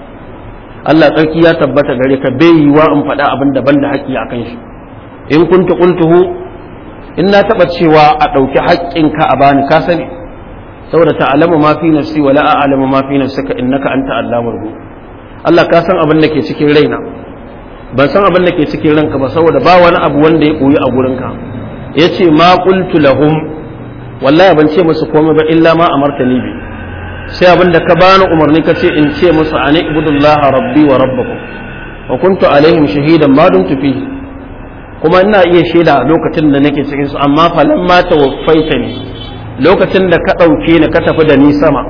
[SPEAKER 1] Allah tsarki ya tabbata gare ka bai yiwa in faɗa abin da ban da haƙƙi akan shi in kunta qultuhu in na taɓa cewa a ɗauki haƙƙin ka a bani ka sani saboda ta'lamu ma fi nafsi wala a'lamu ma fi nafsika innaka anta allamul ghuyub Allah ka san abin da ke cikin raina ban san abin da ke cikin ranka ba saboda ba wani abu wanda ya koyi a gurinka yace ma qultu lahum wallahi ban ce musu komai ba illa ma amartani bi sai abin da ka bani umarni ka ce in ce musu ani ibudullaha rabbi wa rabbakum wa kuntu alaihim shahidan ma dumtu fi kuma ina iya shaida lokacin da nake cikin su amma fa falan ma tawaffaitani lokacin da ka dauke ni ka tafi da ni sama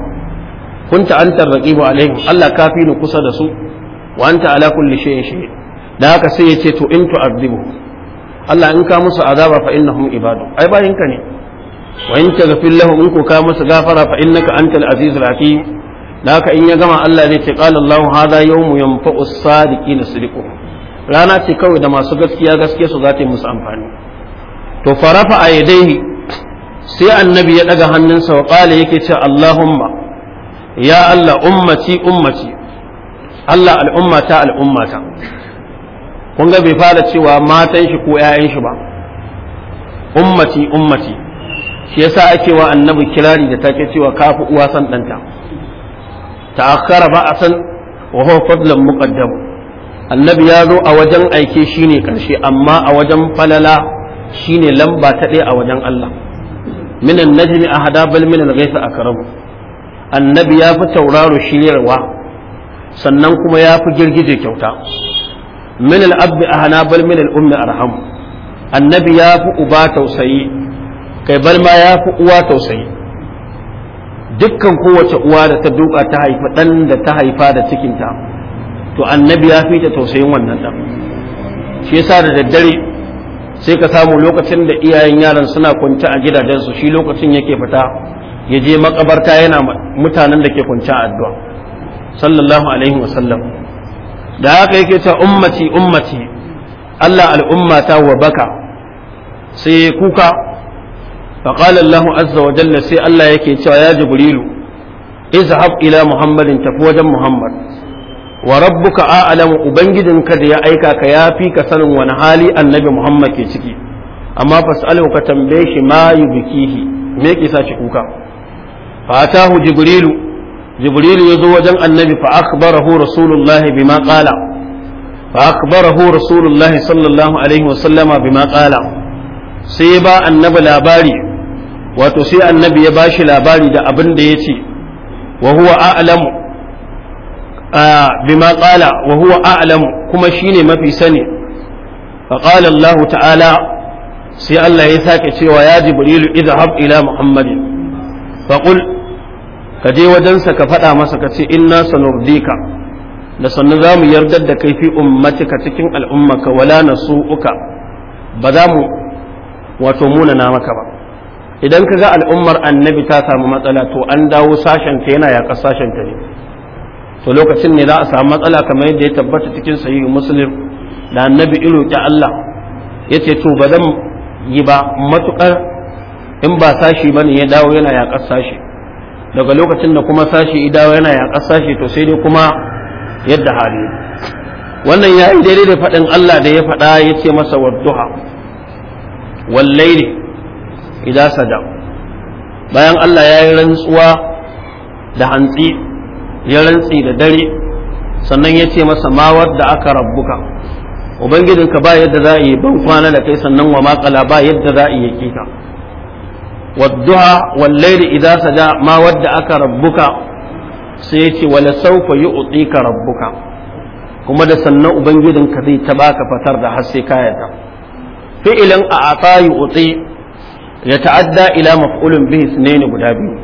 [SPEAKER 1] kunta antar raqibu alaihim Allah kafi ni kusa da su wa anta ala kulli shay'in shahid da haka sai ya ce to in tu'adibu Allah in ka musu azaba fa innahum ibadu ai bayin ka ne wa in taghfir lahu in ko ka masa gafara fa innaka antal azizul hakim haka in ya gama Allah zai ce qala Allahu hadha yawmu yanfa'u as-sadiqina sidqu rana ce kawai da masu gaskiya gaskiya su za yi musu amfani to farafa a yadaihi sai annabi ya ɗaga hannun sa qala yake ce Allahumma ya Allah ummati ummati Allah al'ummata al'ummata kun ga bai fara cewa matan shi ko 'ya'yan shi ba ummati ummati shi yasa ake wa annabi kirari da take cewa kafi uwa san ɗanta ta'akkara ba a san wa huwa muqaddam annabi ya zo a wajen aike shine karshe amma a wajen falala shine lamba ta ɗaya a wajen Allah minan najmi ahada bal min al-ghayth akramu annabi ya fi tauraro shiryarwa sannan kuma ya fi girgije kyauta min al-abd ahana bal min al-ummi arham annabi ya fi uba tausayi kai bar ma ya fi uwa tausayi dukkan kowace uwa da ta duka ta haifa dan da ta haifa da cikinta to annabi ya fi ta tausayin wannan dan. shi yasa da daddare sai ka samu lokacin da iyayen yaran suna kwanci a gidajensu shi lokacin yake fita ya je makabarta yana mutanen da ke kwanci a addu'a sallallahu alaihi wa sallam da haka yake ta ummati ummati Allah ta wa baka sai kuka فقال الله عز وجل سي الله يكي يا جبريل اذهب إلى محمد تفوجا محمد وربك أعلم أبنجد كد يا أيكا كيافي كسن ونهالي النبي محمد كي تكي أما فاسأله كتنبيش ما يبكيه ميكي ساشكوكا فأتاه جبريل جبريل يزوجا النبي فأخبره رسول الله بما قال فأخبره رسول الله صلى الله عليه وسلم بما قال سيبا النبي لاباري wato sai annabi ya bashi labari da abin da ya ce wa huwa a'lamu bima qala wa huwa a'lamu kuma shine mafi sani fa qala Allah ta'ala sai Allah ya sake cewa ya jibrilu idhhab ila muhammadin fa qul ka je wajensa ka faɗa masa ka ce inna sanurdika da sannan za mu yardar da kai fi ummatika cikin al'ummaka wala nasu'uka ba za mu wato munana maka ba idan ka ga al'ummar annabi ta samu matsala to an dawo sashenta yana yaƙa sashen ne to lokacin ne za a samu matsala kamar yadda ya tabbata cikin sahihu muslim da annabi ilo ki Allah ya ce to ba zan yi ba matukar in ba sashi bane ya dawo yana yaƙa sashi daga lokacin da kuma sashi ya dawo yana yaƙa sashi to sai dai kuma yadda hali wannan ya yi daidai da faɗin Allah da ya faɗa ya ce masa wadduha wallaili idza sada bayan Allah ya yi rantsuwa da hantsi ya rantsi da dare sannan ya ce masa mawar da aka rabbuka ubangijinka ba yadda za a yi ban kwana da kai sannan wa makala ba yadda za a yi yake ka wadduha wallahi idza sada ma wadda aka rabbuka sai ya ce wala sawfa yu'tika rabbuka kuma da sannan ubangijinka zai ta baka fatar da har sai ka yarda fi'ilan a ata yu'ti ya ta'adda ila maf'ulun bihi sunayn guda biyu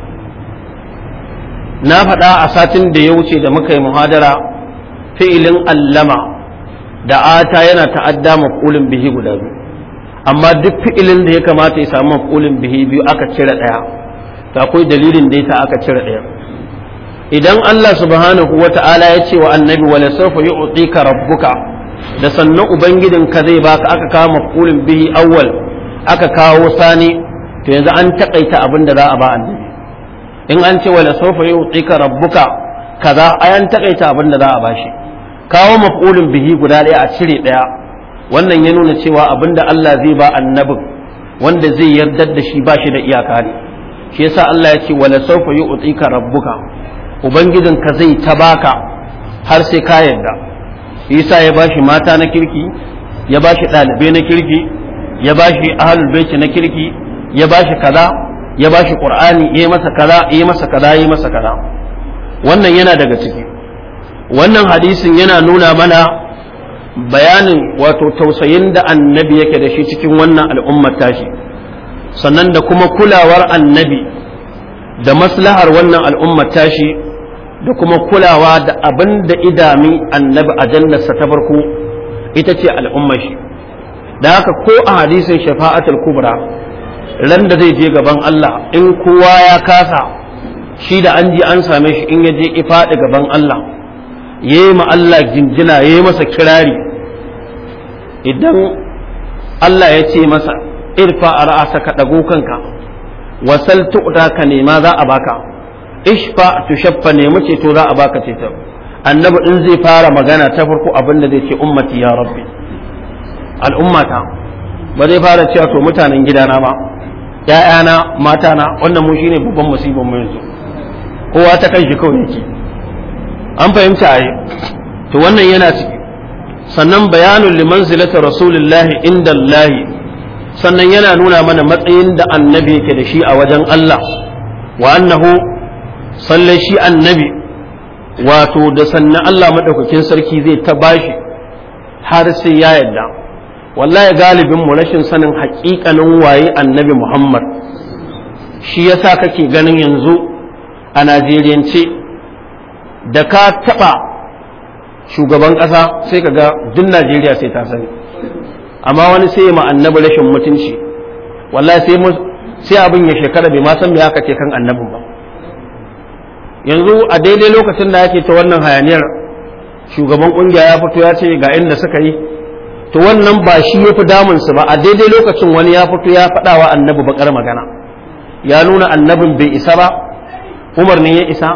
[SPEAKER 1] na faɗa a satin da ya wuce da muka yi muhadara fi'ilin allama da ata yana ta'adda bihi guda biyu amma duk fi'ilin da ya kamata ya samu maf'ulun bihi biyu aka cire ɗaya to akwai dalilin da yasa aka cire ɗaya idan Allah subhanahu Wata'ala ya ce wa annabi wa lasawfa yu'tika rabbuka da sannan ka zai baka aka kawo maf'ulin bihi awwal aka kawo sani to yanzu an takaita abin da za a ba annabi in an ce wala sawfa yu'tika rabbuka kaza ai an takaita abin da za a bashi kawo maf'ulun bihi guda daya a cire daya wannan ya nuna cewa abin da Allah zai ba annabin wanda zai yarda da shi ba shi da iyaka ne shi yasa Allah ya ce wala sawfa ka. rabbuka ka zai ta baka har sai ka yarda Isa ya bashi mata na kirki ya bashi ɗalibai na kirki ya bashi ahalul baiti na kirki ya bashi kaza ya bashi ƙur'ani, yayi masa kaza yayi masa kaza yi masa kaza wannan yana daga ciki wannan hadisin yana nuna mana bayanin wato tausayin da annabi yake da shi cikin wannan al'ummar tashi sannan da kuma kulawar annabi da maslahar wannan al'ummar tashi da kuma kulawa da abin da idami annabi a jannarsa ta farko ita ce al'ummar shi da haka ko a hadisin shafa'atul kubra ran da zai je gaban Allah in kowa ya kasa shi da an ji an same shi in ya je ifaɗi gaban Allah ya yi ma Allah jinjina ya yi masa kirari idan Allah ya ce masa irfa a ra'asa ka ɗago kanka wasal tuɗa ka nema za a baka ishfa tushaffa nemi ceto za a baka ceto annabi in zai fara magana ta farko abin da zai ce ummati ya rabbi al'ummata ba zai fara cewa to mutanen gidana ba ‘ya'yana matana wannan mu shine babban musibin mu yanzu kowa ta kai shi kawai yake an fahimta a to wannan yana ciki sannan bayanun liman zilata rasulillahi inda Allahi sannan yana nuna mana matsayin da annabi yake da shi a wajen Allah wa annahu sallai shi annabi wato da sannan Allah maɗaukakin sarki zai ta bashi har sai ya yadda wallahi galibin mu rashin sanin haƙiƙanin waye annabi Muhammad shi yasa kake ganin yanzu a Najeriyance da ka taɓa shugaban kasa sai ka ga duk Najeriya sai ta sani amma wani sai ya annabi rashin mutunci wallahi sai sai abin ya shekara bai ma san me aka ce kan annabin ba yanzu a daidai lokacin da yake ta wannan hayaniyar shugaban kungiya ya fito ya ce ga inda suka yi to wannan ba shi ya fi damunsu ba a daidai lokacin wani ya fito ya faɗa wa annabi bakar magana ya nuna annabin bai isa ba umar ne ya isa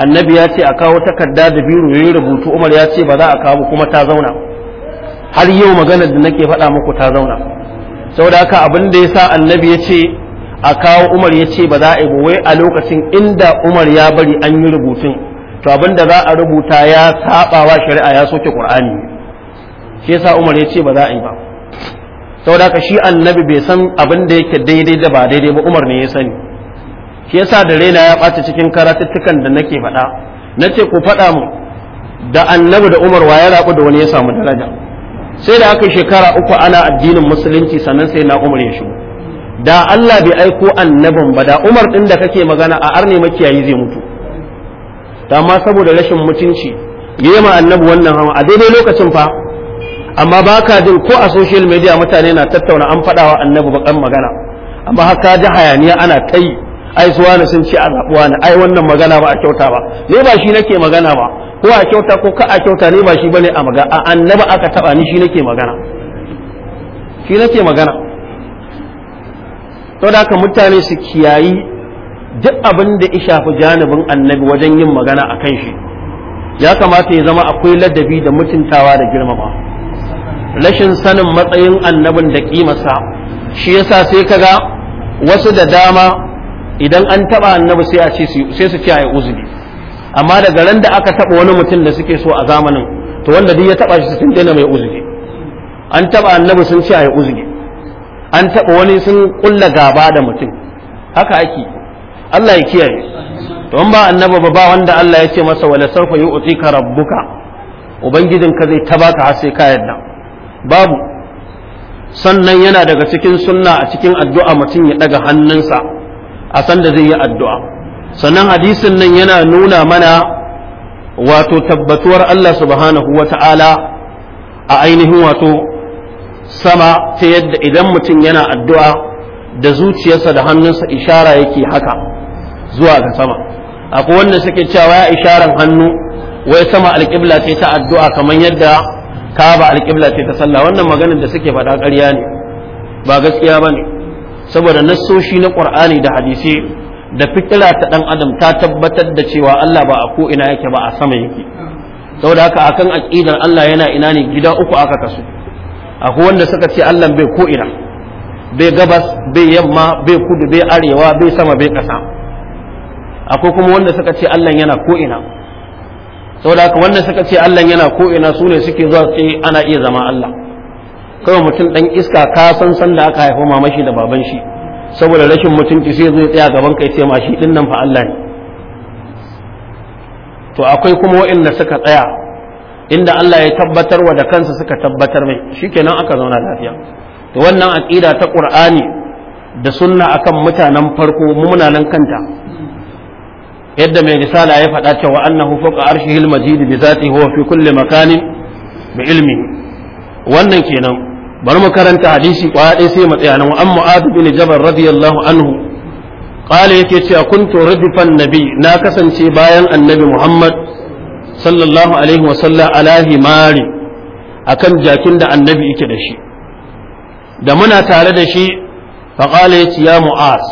[SPEAKER 1] annabi ya ce a kawo takarda da biro ya rubutu umar ya ce ba za a kawo kuma ta zauna har yau magana da nake faɗa muku ta zauna saboda haka abin da ya sa annabi ya ce a kawo umar ya ce ba za a yi wai a lokacin inda umar ya bari an yi rubutun to abin da za a rubuta ya saɓawa shari'a ya soke ƙur'ani shi yasa Umar ya ce ba za a yi ba saboda haka shi annabi bai san abin da yake daidai da ba daidai ba Umar ne ya sani shi yasa da raina ya ɓata cikin karatuttukan da nake faɗa na ce ku faɗa mu da annabi da Umar wa ya rabu da wani ya samu daraja sai da aka shekara uku ana addinin musulunci sannan sai na Umar ya shigo da Allah bai aiko annabin ba da Umar ɗin da kake magana a arne makiyayi zai mutu da amma saboda rashin mutunci yi ma annabi wannan hawa a daidai lokacin fa amma ba ka jin ko a social media mutane na tattauna an faɗawa annabi bakan magana amma haka ji hayaniya ana ta yi ai su wani sun ce a zaɓi ne ai wannan magana ba a kyauta ba ne ba shi nake magana ba ko a kyauta ko ka a kyauta ne ba shi bane a magana a annabi aka taɓa ni shi nake magana shi nake magana to da mutane su kiyayi duk abin da ya shafi janibin annabi wajen yin magana a kan shi ya kamata ya zama akwai ladabi da mutuntawa da girmama rashin sanin matsayin annabin da kimarsa shi yasa sai kaga wasu da dama idan an taba annabi sai a ce sai su ce uzuri amma daga ran da aka taba wani mutum da suke so a zamanin to wanda duk ya taba shi sun daina mai uzuri an taba annabi sun ce ayi uzuri an taba wani sun kulla gaba da mutum haka ake Allah ya kiyaye to an ba annabi ba ba wanda Allah ya ce masa wala sarfa yu'tika rabbuka ubangijinka zai tabaka har sai ka yadda babu sannan yana daga cikin sunna a cikin addu'a mutum ya ɗaga hannunsa a san da zai yi addu'a sannan hadisin nan yana nuna mana wato tabbatuwar Allah subhanahu wa ta'ala a ainihin wato sama ta yadda idan mutum yana addu'a da zuciyarsa da hannunsa ishara yake haka zuwa ga sama akwai wanda suke cewa ya isharar hannu wai sama alƙibla ce ta addu'a kamar yadda kaba alƙibla ce ta sallah wannan maganar da suke faɗa ƙarya ne ba gaskiya ba ne saboda nassoshi na ƙur'ani da hadisi da fitila ta ɗan adam ta tabbatar da cewa Allah ba a ko ina yake ba a sama yake saboda haka akan aƙidar Allah yana ina ne gida uku aka kasu akwai wanda suka ce Allah bai ko ina bai gabas bai yamma bai kudu bai arewa bai sama bai ƙasa akwai kuma wanda suka ce Allah yana ko ina saboda haka wannan suka ce Allah yana ko ina su ne suke zuwa ce ana iya zama Allah kawai mutum dan iska ka san san da aka haifa mamashi da baban shi saboda rashin mutunci sai zai tsaya gaban kai sai mashi din nan fa Allah ne to akwai kuma waɗanda suka tsaya inda Allah ya tabbatar wa da kansa suka tabbatar mai shikenan aka zauna lafiya to wannan aqida ta Qur'ani da sunna akan mutanen farko munanan kanta yadda mai risala ya faɗa cewa annahu fuka arshihil majid bi zati huwa fi kulli makanin bi ilmi wannan kenan bari mu karanta hadisi kwaya sai mu tsaya nan an mu'ad bin jabal radiyallahu anhu qala yake cewa kuntu radifan nabi na kasance bayan annabi muhammad sallallahu alaihi wa sallam akan jakin da annabi yake da shi da muna tare da shi faqala ya mu'az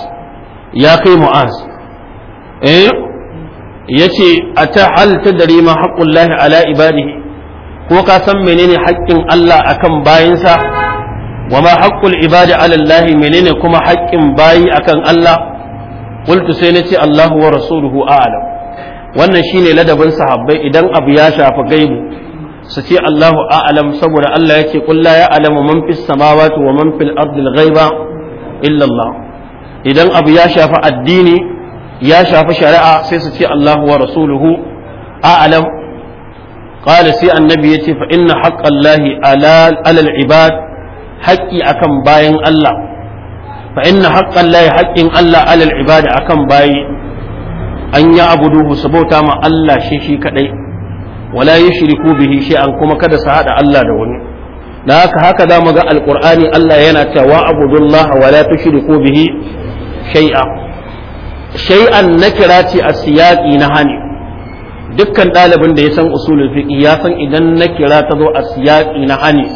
[SPEAKER 1] ya kai mu'az eh yace ata hal tadri ma haqqullahi ala ibadihi ko ka san menene haƙƙin Allah akan bayinsa wa ma haqqul ibadi ala Allah menene kuma haƙƙin bayi akan Allah qultu sai nace Allah wa rasuluhu a'lam wannan shine ladabin sahabbai idan abu ya shafa gaibu su ce Allahu a'lam saboda Allah yake qul la ya'lamu man fis samawati wa man fil ardi al-ghaiba illa Allah idan abu ya shafi addini ya shafi shari'a sai su ce Allahu wa rasuluhu a'lam qala sai annabi yace fa inna haqqallahi ala alal ibad haqqi akan bayan Allah fa inna haqqallahi haqqin Allah alal ibad akan bayi an ya abuduhu sabota ma Allah shi shi kadai wala yushriku bihi shay'an kuma kada su hada Allah da wani da haka haka za mu ga alqur'ani Allah yana cewa abudullaha wala tushriku bihi shay'a shay'an nakira ce a siyaƙi na hani dukkan ɗalibin da ya san usulul fiqi ya san idan nakira ta zo a siyaƙi na hani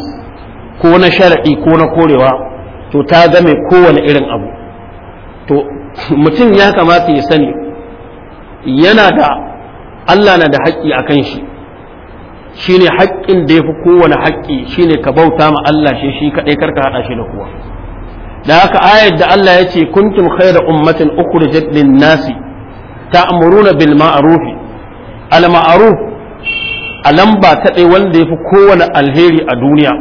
[SPEAKER 1] ko na shar'i ko na korewa to ta game kowane irin abu to mutum ya kamata ya sani yana da Allah na da haƙƙi a kan shi ne haƙƙin da ya fi kowane haƙƙi ne ka bauta ma Allah shi shi kaɗai karka haɗa shi da kowa da haka ayar da Allah ya ce kuntum khayra ummatin ukhrijat lin nasi ta'muruna bil ma'ruf al ma'ruf a lamba ta dai wanda ya fi kowane alheri a duniya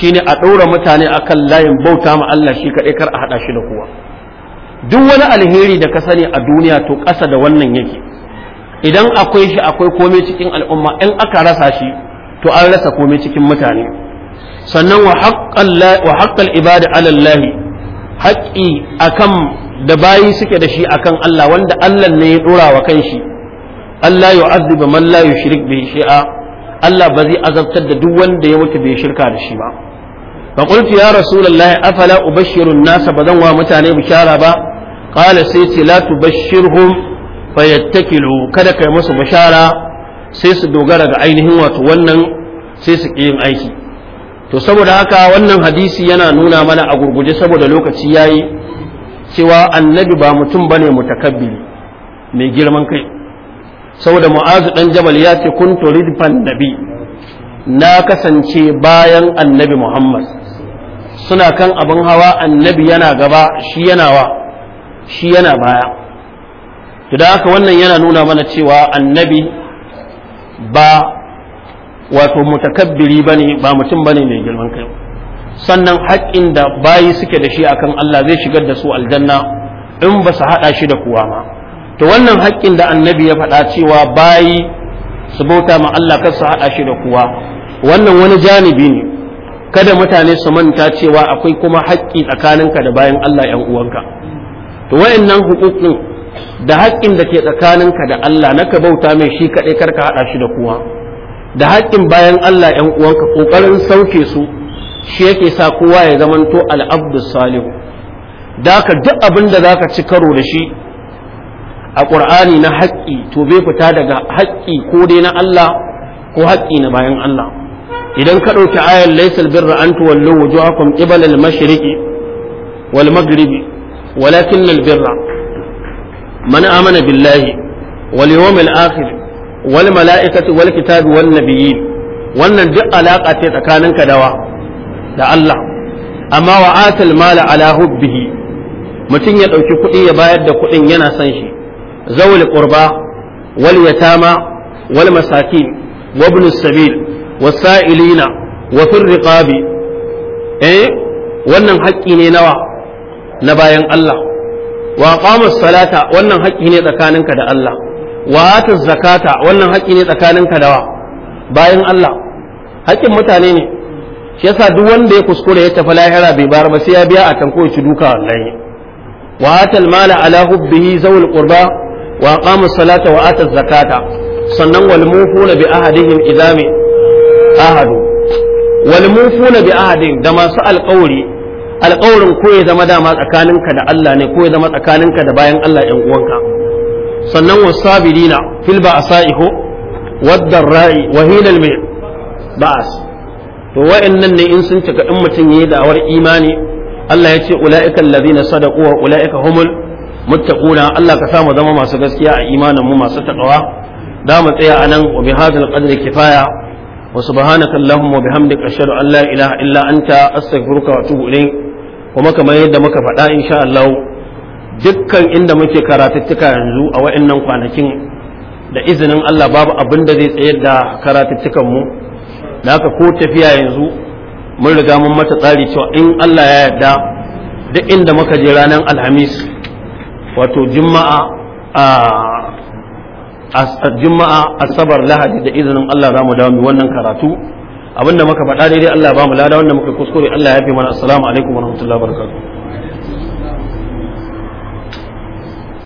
[SPEAKER 1] shine a ɗaura mutane akan layin bauta ma Allah shi kaɗai kar a haɗa shi da kowa duk wani alheri da ka sani a duniya to ƙasa da wannan yake idan akwai shi akwai komai cikin al'umma in aka rasa shi to an rasa komai cikin mutane sannan wa haƙƙal ibada alallahi haƙƙi akan da bayi suke da shi akan Allah wanda Allah ne ya ɗora wa shi Allah ya azziba man la yushrik bihi shay'a Allah ba zai azabtar da duk wanda ya mutu bai shirka da shi ba fa qultu ya rasulullahi afala ubashshiru an-nas ba zan wa mutane bishara ba qala sai ce la tubashshirhum fayattakilu kada kai musu bishara sai su dogara ga ainihin wato wannan sai su yin aiki to saboda haka wannan hadisi yana nuna mana a gurguje saboda lokaci yayi cewa annabi ba mutum bane mutakabbiri mai girman kai saboda mu'azu dan jabal ya ce kun ridfan nabi na kasance bayan annabi muhammad suna kan abin hawa annabi yana gaba shi yana wa shi yana baya to da haka wannan yana nuna mana cewa annabi ba wato mutakabbiri bane ba mutum bane mai girman kai sannan haƙƙin da bayi suke da shi akan Allah zai shigar da su aljanna in ba su haɗa shi da kuwa ma to wannan haƙƙin da annabi ya faɗa cewa bayi su bauta ma Allah kar su haɗa shi da kuwa wannan wani janibi ne kada mutane su manta cewa akwai kuma haƙƙi tsakaninka da bayan Allah ‘yan uwanka to wa'annan hukukun da haƙƙin da ke tsakaninka da Allah na ka bauta mai shi kaɗai kar ka haɗa shi da kuwa da haƙƙin bayan Allah ‘yan uwanka ƙoƙarin sauke su shi yake sa kowa ya zamanto al'abdu salihu da ka duk abin da za ka ci karo da shi a ƙur'ani na haƙƙi to bai fita daga haƙƙi ko dai na Allah ko haƙƙi na bayan Allah idan ka ɗauki ayar laisal birra an tuwallo wujuhakum qibala al-mashriqi wal maghribi walakin al-birra man amana billahi wal yawmil akhir wal mala'ikati wal kitabi wannan duk alaka ce tsakaninka dawa da Allah amma wa atal mala ala hubbihi mutum ya ɗauki kuɗi ya bayar da kuɗin yana son shi zawul qurba wal yatama wal masakin wa ibn sabil wasailina wa fir riqabi eh wannan haƙƙi ne nawa na bayan Allah wa aqama salata wannan haƙƙi ne tsakaninka da Allah wa zakata wannan haƙƙi ne tsakaninka da wa bayan Allah haƙƙin mutane ne shi yasa duk wanda ya kuskure ya tafi lahira bai bar ba sai ya biya a tanko shi duka wallahi wa atal mala ala hubbihi zawul qurba wa aqama salata wa ata zakata sannan wal mufuna bi ahadihim idami ahadu wal mufuna bi ahadin da masu alƙawari alƙawarin ko ya zama dama tsakaninka da Allah ne ko ya zama tsakaninka da bayan Allah ɗan uwanka sannan wasabirina fil ba'sa'i ko wadda ra'i wa hinal mai ba'as to wa'annan ne in sun cika in mutum yayi da'awar imani Allah ya ce ula'ika alladhina sadaqu wa ula'ika humul muttaquna Allah ka samu zama masu gaskiya a imanin mu masu takawa da mu tsaya anan wa bi hadal qadri kifaya wa subhanaka allahumma wa bihamdika ashhadu an la ilaha illa anta astaghfiruka wa atubu ilayk kuma kamar yadda muka faɗa insha Allah dukkan inda muke karatuttuka yanzu a wa'annan kwanakin da izinin Allah babu abin da zai tsayar da karatuttukan mu da haka ko tafiya yanzu mun riga mun mata tsari cewa in Allah ya yarda duk inda muka je ranar alhamis wato juma'a a juma'a asabar lahadi da izinin Allah za mu dawo mu wannan karatu abinda muka faɗa daidai Allah ba mu lada wanda muka kuskure Allah ya fi mana assalamu alaikum wa barakatuh